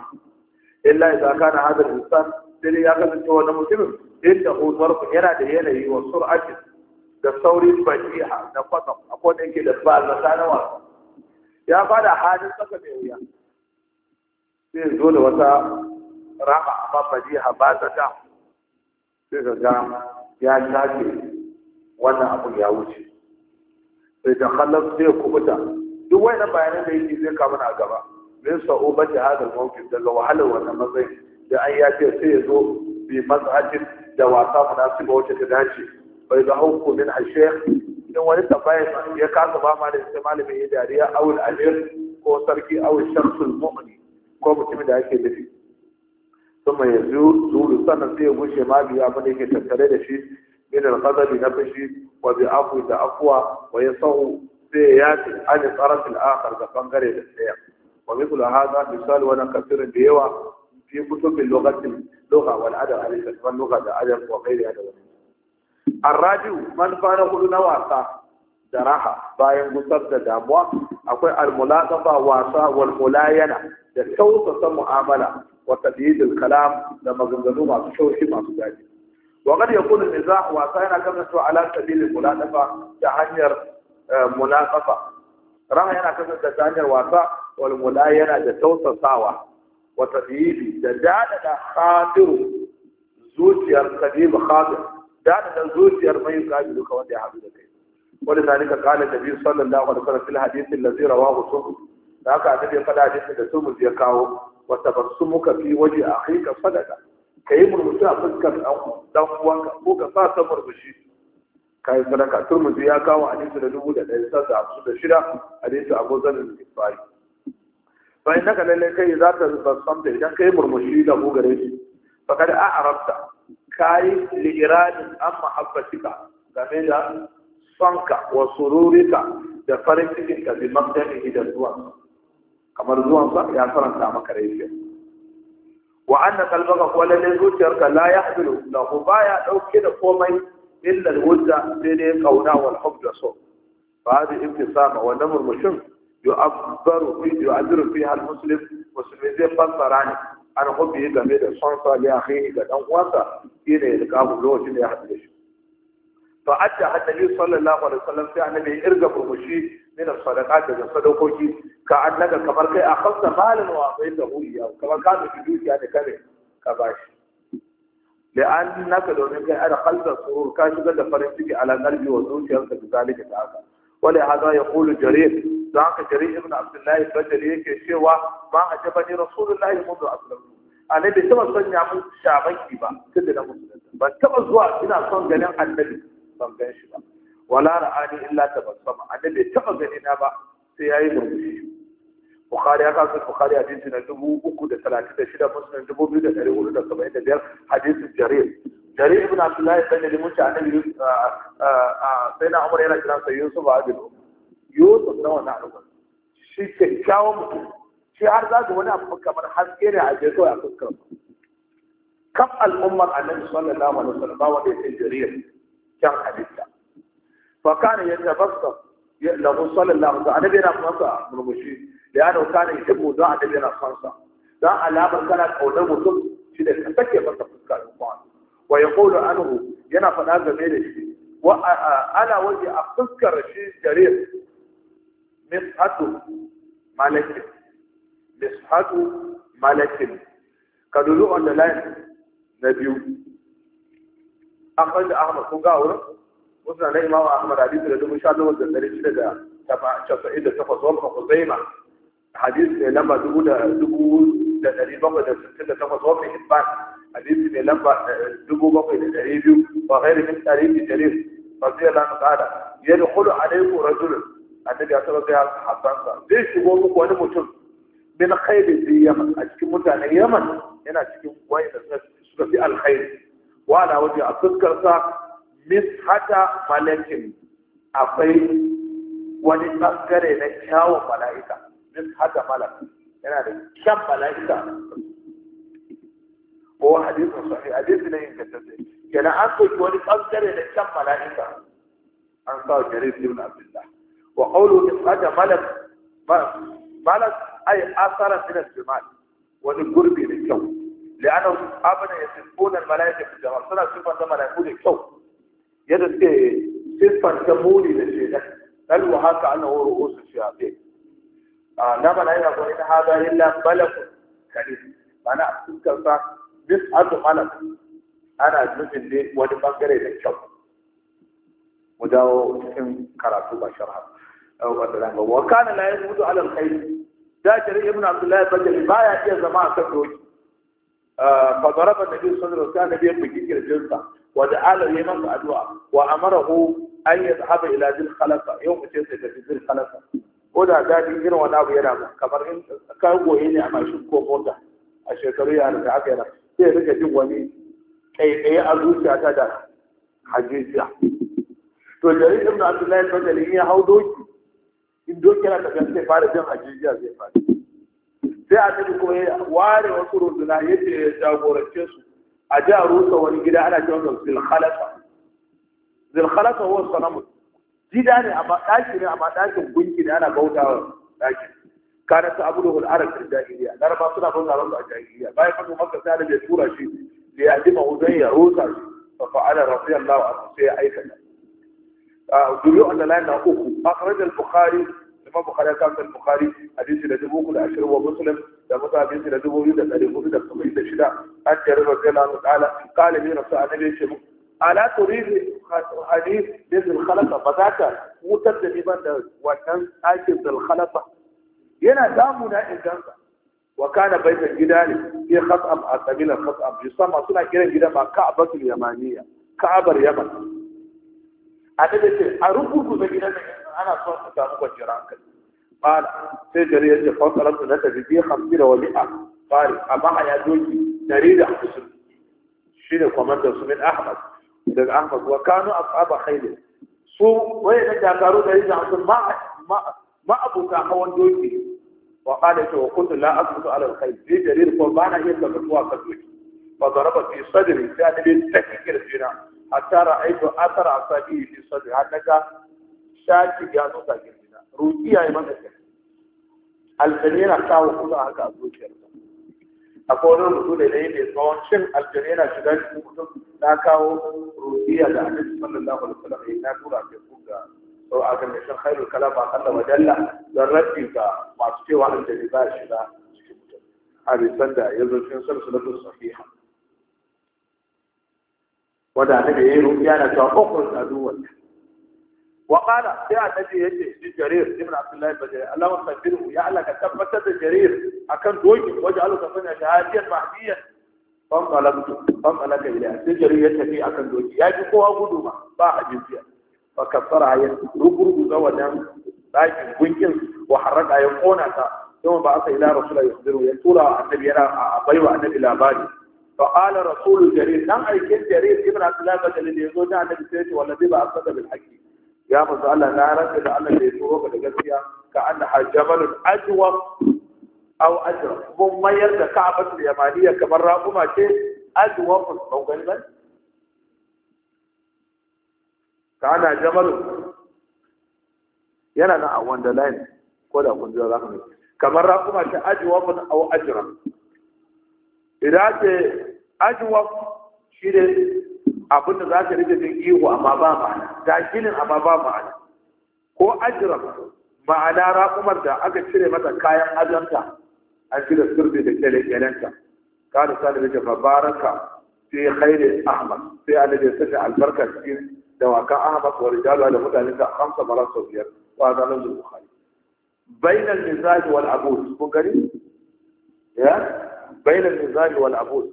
illa idza kana hada insan sai ya kasance wannan mutumin inda hu yana da yanayi wa sur'ati da saurin badiha da kwatsam akwai da yake da ba da sanawa ya bada halin saka mai wuya sai zo da wata rama amma fadiha ba ta ta sai ka ga ya shafe wannan abu ya wuce sai ta kallon sai kubuta duk wani bayanan da yake zai kama na gaba min sa'ubati hadal mawqif daga wahalar wannan matsayi. da an ya ce sai ya zo bi mazhatin da wasa munasiba wacce ta dace bai da hauku min ashekh idan wani tabayin ya kasa ba ma da ita malamin ya dariya awul amir ko sarki awul shamsul mu'min ko mutumin da ake nufi ثم يزول سنة فيه مشي ما بي أمنك تتريد شيء من الغضب نفشي وبأفو تأفوى ويصغ سيئات عن الطرف الآخر بقنقر الإسلام ومثل هذا مثال وانا كثير بيوى في كتب اللغة اللغة والأدب عليك اللغة الأدب وغير أدب الراجع من فانا كل نواسا جراحة باين مصر داموا أقول الملاقبة واسا والملاينة da tausasa mu'amala wa tadidul kalam da maganganu masu shauki masu daɗi wa kad yakunu mizah wa sayna kana to ala sabilil mulaqafa ta hanyar eh, mulaqafa raha yana kasance ta hanyar wasa wal mulayana da tausasawa wa tadidi da dadada khadiru zuciyar kadim khadir dadada zuciyar mai kabi duka ya hadu da kai ولذلك قال النبي صلى الله عليه وسلم في الحديث الذي رواه سوء da haka annabi ya faɗa hadisi da Tumuz ya kawo wa muka fi waje a haika sadaka ka yi murmushi a fuskar dan uwanka ko ka sa ta murmushi ka yi sadaka turmuzi ya kawo hadisi da dubu da ɗari sassa hamsin da shida hadisi abu zanin isfari bayan naka lalle kai za ta da idan ka yi murmushi da gogare gare shi kada a arabta ka yi li'iranin an mahabbatika game da sonka wa sururika da farin cikin ka bi magdanihi da zuwa kamar zuwansa ya faranta maka rai wa anna qalbaka huwa alladhi zuciyarka la yahmilu ku baya dauke da komai illa alwudda sai dai kauna wal hubb da so fa hadi ibtisama wa namr mushum yu'abbaru fi yu'abbaru fiha almuslim muslim zai fassara ne an hubbi game da son sa li akhihi ga dan uwansa ne ya kamu lokacin da ya haɗu da shi fa adda annabi sallallahu alaihi wasallam sai annabi irga murmushi. min sadaqat daga sadakoki ka annaka kamar kai a khassa malin wa sayta hu iya kamar ka miki dukiya da kare ka bashi la'annaka domin kai ana khalsa surur ka shigar da farin ciki ala qalbi wa zuciyarka da zalika ta haka wala hada yaqulu jarir da haka jarir ibn abdullah badali yake cewa ma ajabani rasulullahi mundu aslam annabi taba sanya mun shabaki ba tunda da musulunta ba taba zuwa ina son ganin annabi ban gan shi ba wala ra'ani illa tabassama annabi taba gani na ba sai yayi murmushi bukhari ya kasu bukhari hadisi na 336 muslim 2475 hadisi jarir jarir ibn abdullah ibn limunta annabi sai na umar yana kiran sa yusuf abin yusuf na wannan alƙur shi ke kyakkyawan mutum shi har za ga wani abu kamar haske ne a je a fuskar kaf al'ummar annabi sallallahu alaihi wasallam ba wanda ya jarir kyan halitta فكان يتبسم له صلى الله عليه وسلم أنا بينا خمسة من المشي لأنه كان يحبه ذا أنا بينا خمسة ذا علامة كانت أولا مسلم شدة تتكي بس فسكار ويقول عنه ينا فنان زميل شيء وأنا وجه أفسكر شيء جرير مصحته ملك مصحته ملك كدلو أن لا نبيو أخرج أحمد كنغا أولا wasu na imam ahmad hadisi da dubu sha takwas da ɗari shida da casa'in da takwas wani kuzaima hadisi ne lamba dubu da dubu da ɗari bakwai da sittin da takwas wani hibban hadisi ne lamba eh, dubu bakwai da ɗari biyu wa ghairi min tarihi jalil razi Allah ta ta'ala yadkhulu alaykum rajulun annabi ya tsara ga habansa zai shigo muku wani mutum min khairin fi a cikin mutanen yaman yana cikin wayanda fi alkhairi wa na wajhi a fuskarsa mishata malakin akwai wani bangare na kyawun mala'ika mishata malak yana da kyan mala'ika ko hadisin sahi hadisi na yin kattace kenan an soki wani bangare na kyan mala'ika an sa jarir ibn abinda wa qawlu mishata malak malak ay asara sinar al wani gurbi da kyau لأنه أبنى يسبون الملائكة في الجمال عليه وسلم الملائكة في الجمال yadda suke siffar ta muni da shi dan wa haka ana horo usu shi a bai a na bana yana gwani na haza illa balakun kare mana a fuskar sa bis adu malak ana nufin ne wani bangare da kyau mu dawo cikin karatu ba sharha wanda zan ga wa na la mutu ala alkhair da jari ibn abdullah Ba ya iya zama a kan doki فضرب النبي صدره وكان النبي ra كرجلته ودعا له يمن الدعاء وامره ان يذهب الى ذي الخلفه يوم تنسى ذي الخلفه ودا دادي irin wani abu yana ba kamar in ka ne a mashin ko mota a shekaru yana da haka yana sai rika jin wani kaikayi a zuciyata da hajijiya to jarir ibn abdullahi fadali ya hau doki in doki yana tafiya fara jin hajijiya zai fara sai a annabi kuma ya ware wasu runduna ya ce ya jagorance su a ji a rusa wani gida ana cewa da zilkhalasa zilkhalasa wa sanamu gida ne amma ɗaki ne amma ɗakin gunki ne ana bautawa ɗaki kana ta abu da hul'arar da jahiliya laraba suna bauta rasu a jahiliya bayan kasu maka sai da ya tura shi da ya dima hudun ya rusa shi fa fa'ala rafiyallahu anhu sai ya aikata. Duriyo Allah na uku, akarar Bukhari imam bukhari ya kawo bukhari hadisi da dubu uku da ashirin wa muslim da musa hadisi da dubu biyu da ɗari hudu da saba'in da shida an jari rabbi na mu ta'ala kala ne rasu annabi ya shi mu ala turidi hadis da zulkhalafa ba za ta wutar da ni ban da wannan aikin zulkhalafa yana damuna in gansa wa kana baitan gida ne fi khasam a kabilan khasam yusamma suna kiran gidan ma ka'abatul yamaniya ka'abar yaman annabi ce a rubutu da gidan nan ana son su samu kwanciyar hankali قال sai gari ya ce fasalar su na tafi bi hamsi da wani a bari a maha ya doki dari da hamsin shi ne kwamandan su min ahmad daga ahmad wa kanu asaba khairu su wai da dakaru dari da hamsin ma abuta hawan doki wa qala ta wa kuntu la asbutu ala al khair bi jarir ko bana iya tabbatuwa ka doki fa daraba fi sadri ta da bin takfir fina hatta ra'aytu athara asabi fi sadri hadaka shaki ya so ta girgina rukiya ya masa kyau aljani yana kawo kuma haka a zuciyar akwai wani rubutu da yayi mai tsawon cin aljani yana shiga cikin mutum na kawo rukiya da annabi sallallahu alaihi wasallam ya na tura ke ga sau a kan shan khairul kalama Allah wajalla dan rabbi ga masu cewa aljani ba shiga cikin mutum a bisan da ya zo cikin sarsulatun sahiha wanda annabi ya yi rukiya na cewa ukhrij aduwwaka وقال يا النبي يجي لجرير ابن عبد الله البجري اللهم صبره يعلى تبت جرير أكن دوجي واجعله كفن شهاديا مهديا فانطلقت فانطلق إليها سجري يتفي أكن دوجي يجي قوة قدومة باع جزية فكفرها يربر زوجا لكن وحرك وحركها يقونها ثم بعث إلى رسول الله يخبره يقول النبي أنا أبيوى النبي إلى باري فقال رسول جرير نعم أي كن جرير ابن عبد الله البجري يقول نعم النبي سيدي والذي بعثت بالحكي ya manzo Allah na ranka da Allah da ya turo ka da gaskiya ka anna hajabalun ajwa aw ajra mun mayar da ka'abatul yamaniya kamar raquma ce ajwa ko dogari ba ka ana jabalun yana na a wanda line ko da kun jira zaka kamar raquma ce ajwa ko aw ajra idan ce ajwa shi ne abin da za ka rike jin ihu amma ba ma'ana dakilin amma ba ma'ana ko ajram ma'ana raƙumar da aka cire mata kayan ajanta an cire surbi da kyale-kyalenta kada sa da rike fabaraka fi khairi ahmad sai an da sanya albarka cikin dawakan ahmad wa rijalu da mutanen da amsa mara sau biyar wa zanen zuwa bukhari bainal mizaji wal abud ku gani ya bainal mizaji wal abud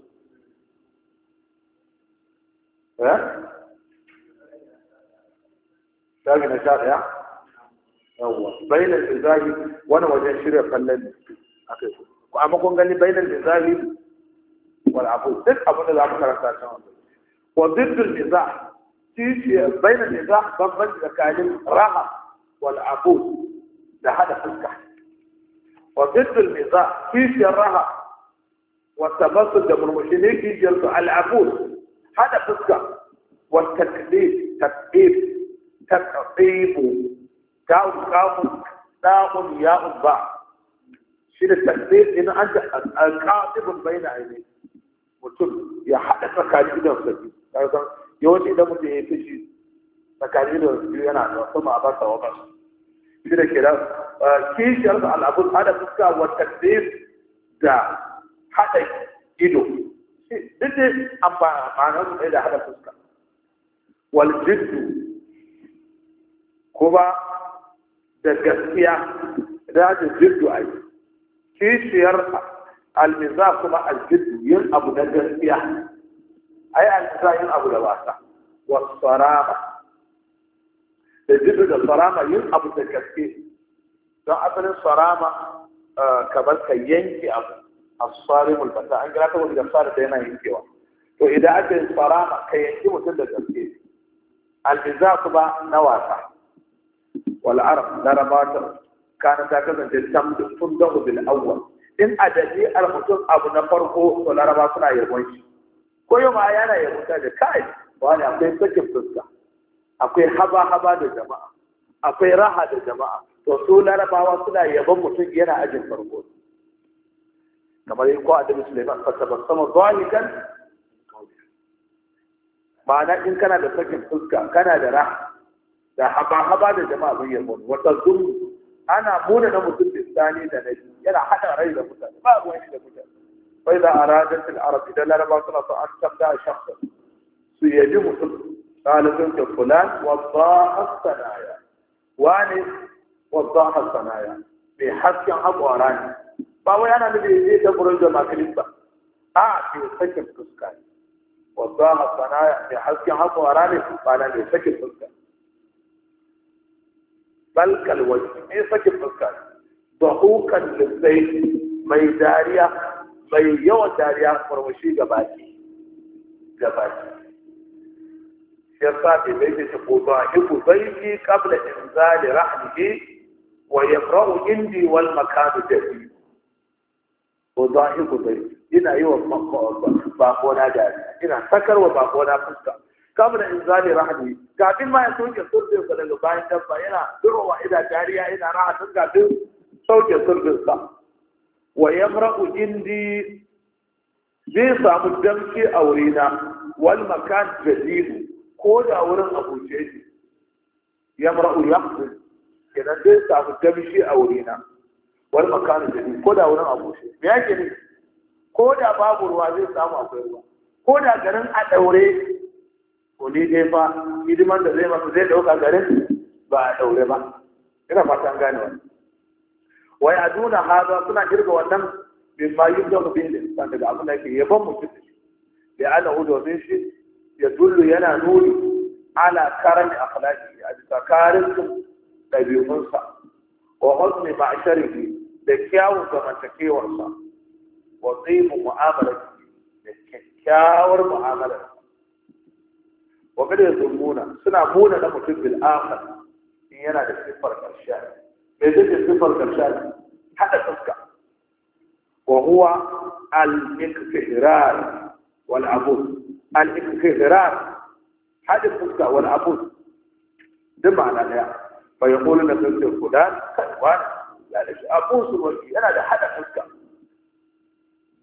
shafi eh? na sha ɗaya yawwa bayanan izahi wani wajen shirya kallon akai ku amma kun gani bayanan izahi wani abu duk abin da za mu karanta can wanda wa biddul izah tishi bayanan izah bambanci tsakanin raha wani abu da hada fuska wa biddul izah tishi raha wa tabassul da murmushi ne kishiyar su al hada fuska wa takdib takdib takdibu ta'u qafu ta'un ya'u ba shi da takdib in an ta alqatibun baina aini mutum ya hada tsakanin idan sabi kaga yawanci idan mutum ya fishi tsakanin idan biyu yana da wasu a basa wa basa shi da ke da eh, kishiyar da hada fuska wa takdib da hada ido duk da amfanin su ɗaya da hada fuska wal jiddu kuma da gaskiya da da jiddu ai kishiyar almiza kuma aljiddu yin abu na gaskiya ai almiza yin abu da wasa wasarama da jiddu da sarama yin abu da gaske don asalin sarama eh, kamar ka yanke abu as-sarimul an gina ta wanda fara da yana yankewa to idan aka yi sarama kai yanki mutum da gaske al su ba na wasa wal arab darabata kana ta kasance tamdu tundahu bil awwal in adadi al mutum abu na farko to laraba suna yabon shi ko yau ma yana yabon ta da kai wani akwai sakin fuska akwai haba haba da jama'a akwai raha da jama'a to su larabawa suna yabon mutum yana ajin farko كما يقوى أدب سليمان فتبسم ضاحكا ma'ana in kana da sakin fuska kana da raha da haba-haba da jama'a bai yabo wata zuru ana muna na mutum da tsani da nabi yana hada rai da mutane ba ruwan shi da mutane bai da aradat al-arab idan laraba suna so an tabda shakhsa su yabi mutum talibin ka fulan waddaha sanaya wani waddaha sanaya mai hasken haƙwara ne ba wai ana nufin yi je ta gurin jama'a ba a ce sakin fuska ne a hasana da hasken hakwara ne ba na mai sakin fuska balkal waje ne eh, sakin fuska ne da hukan lissai mai dariya mai yawan dariya farmashi ga baki ga baki ya sa bai mai da ta koto a iku zai kabla in zali rahmihi wa yafra'u indi wal makanu biyu? ko zahiku dai ina yi wa bakona da ina sakar wa bakona fuska kamar in zali rahmi kafin ma ya soke surbin sa daga bayan dabba yana durowa ina dariya ina tun kafin soke surbin sa wa yamra'u indi zai samu damshi a wurina wal makan jazibu? ko da wurin abuce shi yamra'u yaqdi idan zai samu damshi a wurina wani makan da ko da wurin abu shi me yake ne ko da babu ruwa zai samu akwai ruwa ko da garin a daure ko ni dai fa hidiman da zai masa zai dauka garin ba a daure ba ina fatan gane wani wai a duna haza suna girga wannan bin ma yi don bin da san daga abin da yake yaban mutum da shi da domin shi ya dullu yana nuni ala karami akhlaqi a bisa karin ɗabi'unsa wa husni ma'asharihi da kyawun zamantakewarsa wa tsibu mu'amalar da kyakkyawar mu'amalar wa kada ya zulmuna suna muna na mutum bil akhar in yana da siffar karshe me zai siffar karshe hada fuska wa huwa al ikfihrar wal abud al ikfihrar hada fuska wal abud duk ma'ana daya fa yaqulu na sun fulan kan wani يعني أبوس وجهي أنا ده حدا حلقة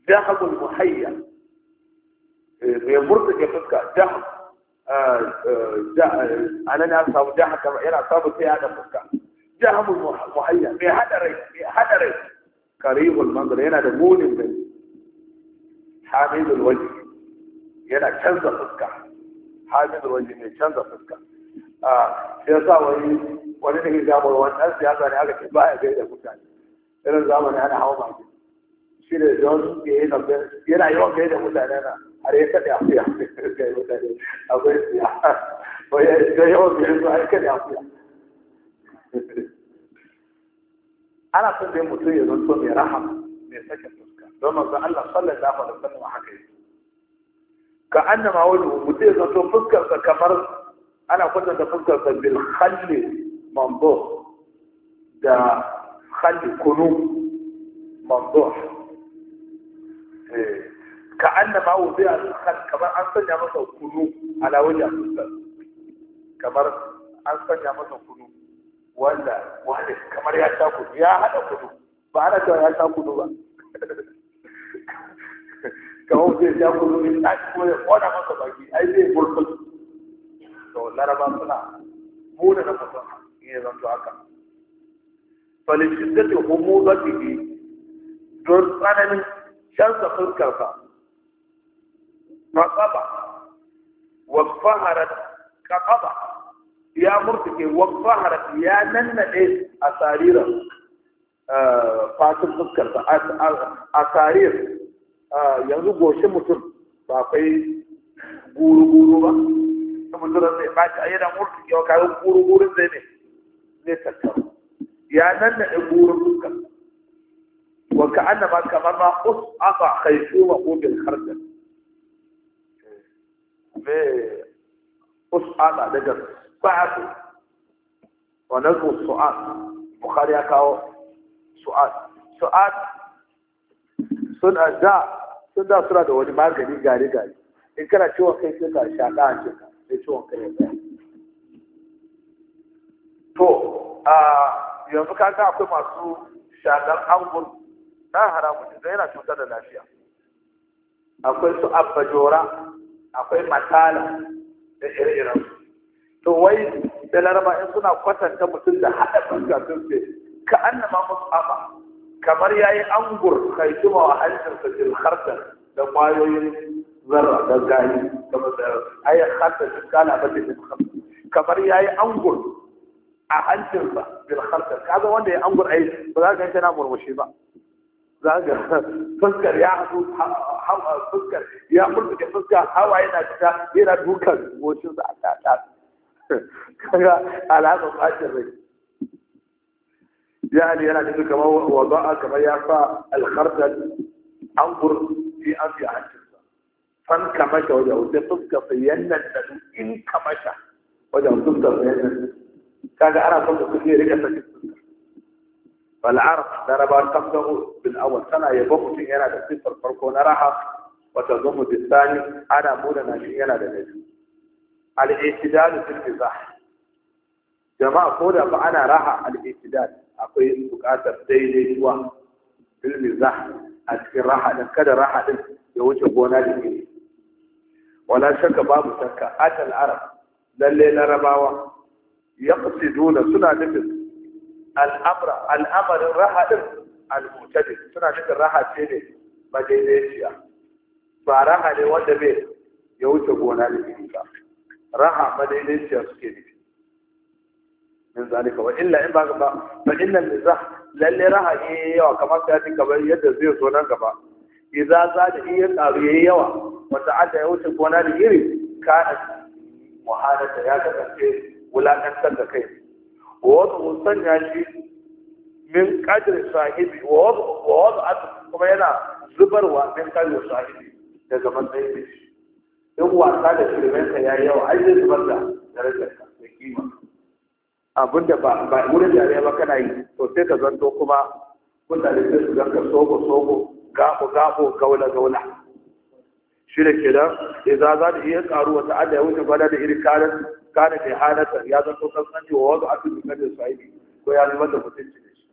دهم المحيا إيه، بيمرض يا فكة داخل آه، آه، آه، أنا ناس أو داخل كما أنا صابت في هذا هذا دهم في هذا بهدري قريب المنظر أنا ده مون من حامل الوجه أنا كنز فكة حامل الوجه من كنز فكة آه يا صاحبي wani da ke zamar wani ɗan siyasa ne aka ce ba ya gaida mutane irin zamani ana hawa baki shi ne don ya yi kamfen yana yawan gaida mutane na har ya kaɗe afiya ga mutane akwai siya ko ya yi yawan gaida su har ya kaɗe afiya ana son dai mutum ya zanto mai rahama mai sakin fuska don manzo Allah sallallahu alaihi wasallam haka yake ka annama wani mutum ya zanto fuskarsa kamar ana kwatanta fuskarsa bil khalli mambo da khali kunu mambo eh, ka annama wuzi a khalli kamar an sanya masa kunu ala wajen fuskar kamar an sanya masa kunu wanda wani kamar ya sha kunu ya hada kunu ba ana cewa ya sha kunu ba [laughs] kamar zai ya kunu ne ta kuma ya kona masa baki ai zai gurgul to laraba suna da na musamman ya zanto haka falishiddati humudatihi don tsananin canza fuskarsa nasaba wa faharat kaqaba ya murtuke wa faharat ya nannade a sarira eh, fatin fuskarsa a sarir eh, yanzu goshin mutum ba kai guru-guru ba kuma dole sai ba ta yana murtuke kayan guru zai ne zai tattaru ya nan da ɗagurin wa ka annama kamar ma us aka haifu wa ƙobin harkar mai us'ada daga sa'adu wa nazo su'ad bukhari ya kawo su'ad su'ad sun da sun da suna da wani magani gari gari in kana ciwon kai sai ka sha ɗan ce mai ciwon kai ya to yanzu ka ga akwai masu shakar angul na haramun da yana cutar da lafiya akwai su abajora akwai matala da ire-iren to wai da laraba in suna kwatanta mutum da haɗa fuska sun ce ka annama musu aba kamar yayi angur kai kuma wa hancinsa jil harkar da kwayoyin zarra da gani kamar da ayyar harkar da kana ba da kamar yayi angur a hancinsa bil kharkar kaga wanda ya angur ai ba za ka ga yana murmushi ba za ga fuskar ya haɗu fuskar ya murtuke fuska hawa yana fita yana dukan goshinsa a tata kaga alaƙar ɓacin rai ya ne yana nufin kamar waza'a kamar ya sa alkharkar angur fi an fi hancinsa fan kamasha wajen wuce fuskar sayyannan da in kamasha wajen fuskar sayyannan kaga ana son mutum ya rika sakin sunna fal arab daraba qabdahu bil awwal sana yabo mutum yana da sifar farko na raha wa tazumu bil thani ana mura na shi yana da nabi al i'tidal fil mizah jama'a ko da ba ana raha al i'tidal akwai bukatar daidaituwa fil mizah a cikin raha din kada raha din ya wuce gona da ke wala shakka babu shakka atal arab lalle larabawa yaqsiduna suna nufin al'amra al'amarin raha din al-mutadi suna nufin raha ce ne madaidaiciya ba raha ne wanda bai ya wuce gona da iri ba raha madaidaiciya suke ne min zalika wa illa in ba ba fa inna mizah lalle raha ne yawa kamar sai kamar yadda zai zo nan gaba idza za da iya tsaro yayi yawa wata adda ya wuce gona da iri ka muhalata ya kasance wulakantar da kai wata musan ya shi min ƙadir sahibi wata a kuma yana zubarwa min ƙadir sahibi daga matsayin da shi in wasa da shirmenka ya yi yawa ai zai zubar da darajarka da kima abinda ba ba wurin yare ba kana yi to sai ka zanto kuma da sai su ganka sogo sogo gabo gabo gaula gaula shi da ke da idan za ta iya karuwa ta'adda ya wuce bala da irin kalan kana da halatar ya zanto kasance wa wasu abin da sai sahibi ko ya zama da mutunci ne shi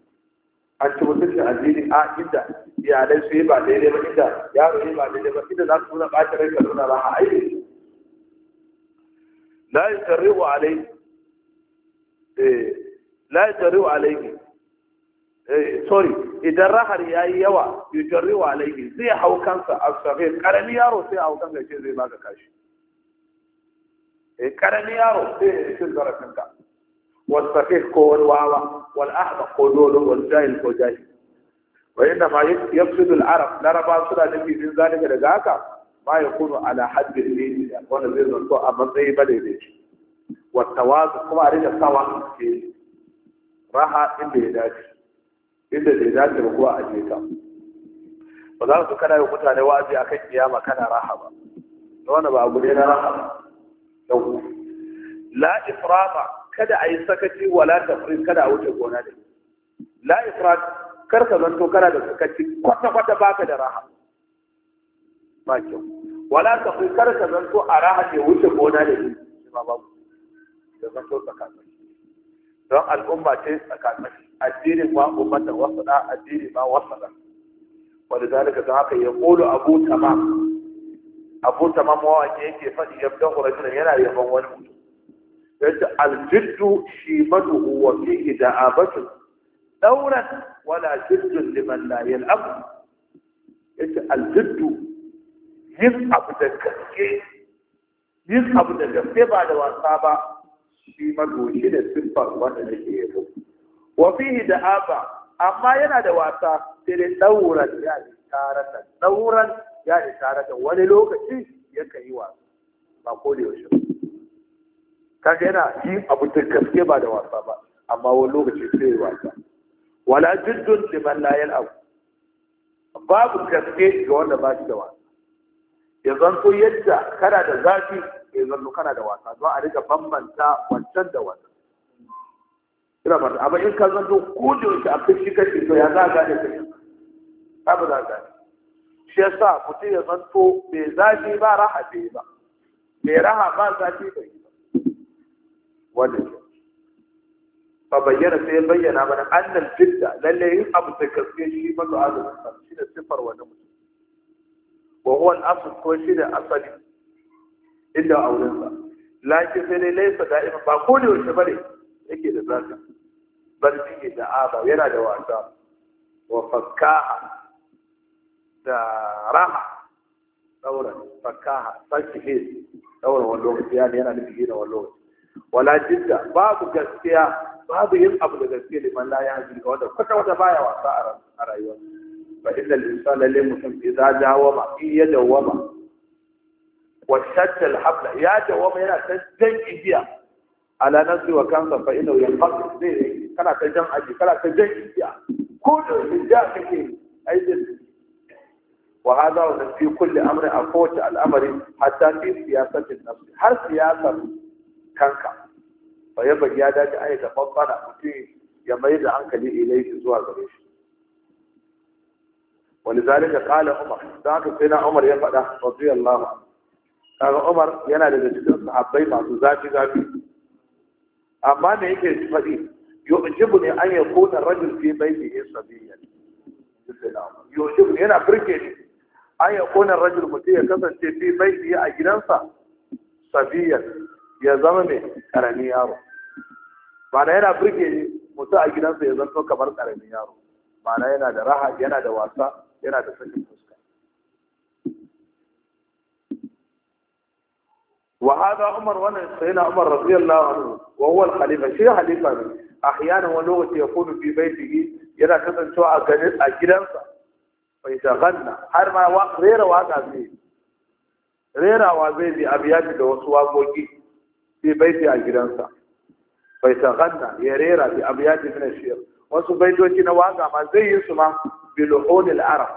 an ci mutunci addini a inda iyalai su yi ba daidai ba inda yaro yi ba daidai ba inda za su nuna ɓata rai ka nuna ba a aiki la yusarri'u alai eh la yusarri'u alaihi eh, sorry idan rahar ya yi yawa yusarri'u alaihi sai hau kansa a saghir karami yaro sai hau kansa ce zai baka kashi karami eh, yaro sai shi zara kanka wal sahih ko wal wawa wal ahba ko dole wal jahil ko jahil wa inda ma yafsidu al arab la raba suda da bi zin zalika daga haka ba ya kunu ala zai zo a matsayi ba da yake wa tawazu kuma arida sawa ke raha inda ya dace ba kuwa aje ta ba za su kada ya mutane wazi akan kiyama kana raha ba wannan ba gure na raha yawwa la ifrata kada a yi sakaci wala tafrin kada a wuce gona da la ifrat kar ka zanto kana da sakaci kwata kwata baka da raha ba kyau wala tafrin kar ka zanto a raha ne wuce gona da ni ba babu da zanto tsakanin don al'umma ce tsakanin addinin ma ummatan wasu da addini ma wasu da ولذلك ذاك يقول أبو تمام abu tamam mawaki yake faɗi yabdahu rajulan yana yaban wani mutum yace aljiddu shi shibatuhu wa fihi da'abatu dauran wala jiddun liman la yal'ab yace aljiddu yin abu da gaske yin abu da gaske ba da wasa ba shi magoshi da siffar wanda nake yabo wa fihi da'aba amma yana da wasa sai dai dauran ya tarar da dauran ya da wani lokaci yaka yi wa ba ko da yaushe kaga yana yin abu da gaske ba da wasa ba amma wani lokaci sai wasa wala jiddun liman la yal'ab babu gaske ga wanda ba shi da wasa ya zanto yadda kana da zafi ya zanto kana da wasa don a rika bambanta wancan da wannan ina ba amma in ka zanto ko da yaushe a fi shi kashi to ya za a gane ka ba ba za a gane shi yasa mutum ya zanto mai zafi ba raha ce ba mai raha ba zafi bai ba wanda ke ba bayyana sai bayyana mana annan fidda lalle yin abu ta kaske shi mazu azumin sa shi da sifar wani mutum wa huwa al ko shi da asali inda auren sa lakin sai dai laisa da'ima ba ko da yaushe bane yake da zafi ke bihi ba yana da wasa wa fakkaha da raha daura fakaha sake he daura wani lokaci yana yana nufin hira wani lokaci wala jidda babu gaskiya babu yin abu da gaskiya liman la ya hajji wanda kwata wata baya wasa a rayuwa fa inna al-insan lalle mutum idza dawama in ya dawama wa shatta al ya dawama yana ta jan igiya ala nafsi wa kansa fa inna yanfaq zai kana ta jan aji kana ta jan igiya ko da ja kake wa hada wa fi kulli amri a kowace al'amari hatta fi siyasatin nafsi har siyasar kanka fa ya ya dace ai da babbana mutum ya mai da hankali ilaihi zuwa gare shi ولذلك قال عمر ذاك سيدنا عمر يفعل رضي الله عنه kaga Umar yana daga cikin sahabbai masu zafi zafi amma me yake faɗi yujibu ne an yakuna rajul fi baitihi sabiyyan yujibu ne yana an ya kone rajul mutum ya kasance fi baiti a gidansa sabiyar ya zama mai karamin yaro Ba na yana burge mutu mutum a gidansa ya zanto kamar karamin yaro Ba na yana da raha yana da wasa yana da sakin fuska wa hada umar wannan sayyidina umar radiyallahu anhu wa huwa al-khalifa shi khalifa ne ahyana wa lokaci ya kunu fi baitihi yana kasancewa a gidansa bai ganna. har ma rera waka zai rerawa zai bi abu abiyati da wasu waƙoƙi sai baiti a gidansa bai ta ganna ya rera bi abu abiyati min shi'r wasu baitoci na waka ma zai yi su ma bi luhunil arab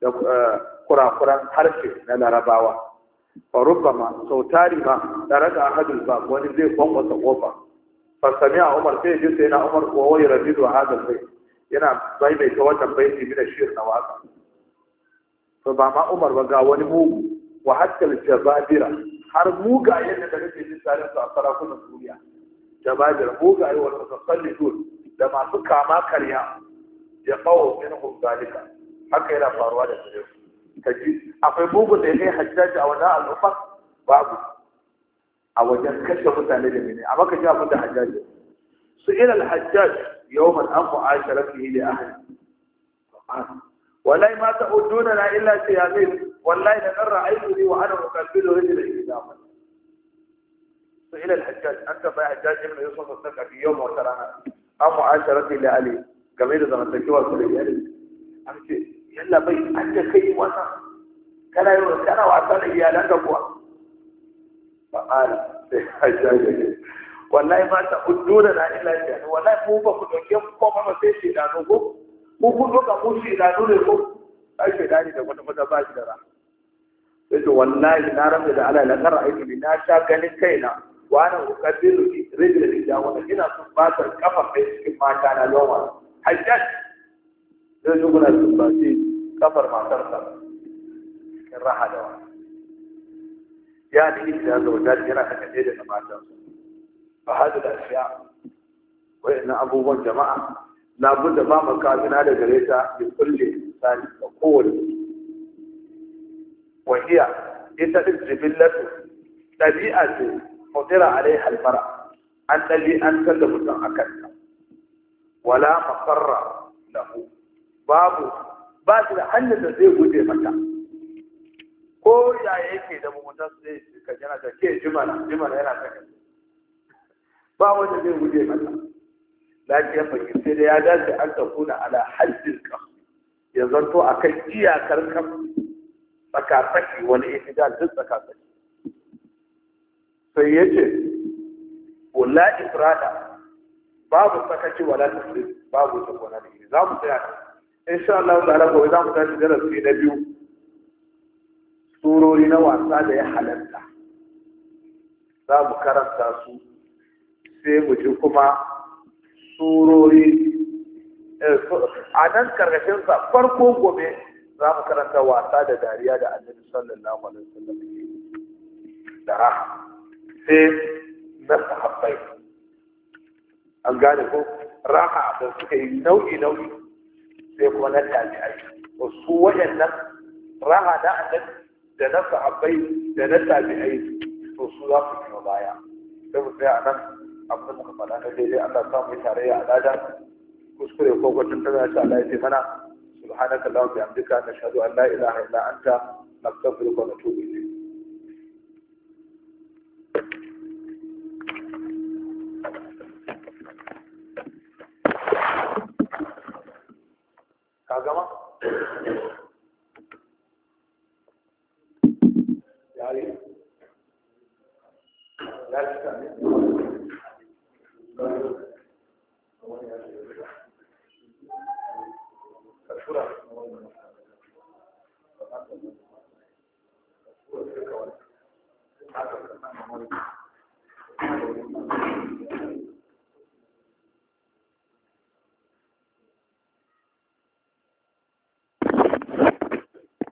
da eh, kurakuran harshe na larabawa ma sau sautari ma da raka ahadul ba wani zai kwankwasa kofa fa a umar sai ji sai na umar wa wai rabidu hadal bait yana maimaita wannan baiti mina shirin na waka to ba ma Umar ba ga wani mugu wa hakkal jababira har mugayen da nake jin tare su a sarakunan duniya jababira mugaye wa musallidun da masu kama karya ya kawo minhum zalika haka yana faruwa da su kaji akwai mugu da yake hajjaji a wannan al'umma babu a wajen kashe mutane da mene amma kaji abin da hajjaji su ila al-hajjaji يوما أم معاشرته لأهله سبحانه والله ما تعودوننا إلا سيامين والله لقد عيني وأنا أقبله رجلي إلى سئل الحجاج أنت في حجاج ابن يوسف الثقة في يوم وترانا أم معاشرته لأهله قبيل زمن تكوى كل يالي يعني أمشي يلا بي أنت كي وانا كان يوم كان وعطان إيالك أبوه فقال حجاج wallahi ma ta uddu da na ila ya wallahi mu ba ku dauke mu ko ba sai shi da ko ku ku doka mu shi da ne ko ai shi da ni da kwata kwata ba shi da ra sai to wallahi na rabu da Allah la kar aitu bi na sha ganin kaina wa ki uqaddiru ki da wa ina sun ba ta kafa kai cikin mata na lawa hajjat sai su kuna sun ba shi kafar matar ta raha da wa ya ni da zo da yana da kade da matan su fa hadu da ashiya wayannan abubuwan jama'a na budda ba mu da gareta, ta bi kulli insani da kowane wa hiya ita din jibillatu dabi'a ce mutira alaiha alfara an dalli an mutum wala babu ba shi da da zai mata ko ya yake da mugunta sai ka jana da ke jimala jimala yana saka ba wanda zai guje mata lafiyar fakir sai da ya dace an ta kuna ala haddin ya zanto a kan iyakar kam tsakatsaki wani itidal duk tsakatsaki sai ya ce wala ifrada babu sakaci wala tafsir babu ta kwana da za mu tsaya insha Allah ta'ala gobe za mu tashi darasi na biyu surori na wasa da ya halatta za mu karanta su sai mu ji kuma surori eh, a nan karkashin sa farko gobe za mu karanta wasa da dariya da annabi sallallahu alaihi wasallam da sai na sahabbai an gane ko raha da suka yi nau'i nau'i sai kuma na tabi'ai wasu waɗannan raha na annabi da na sahabbai da na tabi'ai to su za su biyo baya sai mu tsaya a nan abin da muka faɗa daidai Allah sa mu tarayya a ladan kuskure ko gwajin da za Allah ya ce mana subhanaka allahumma bihamdika nashhadu an la ilaha illa anta nastaghfiruka wa natubu ilayk ka Thank you.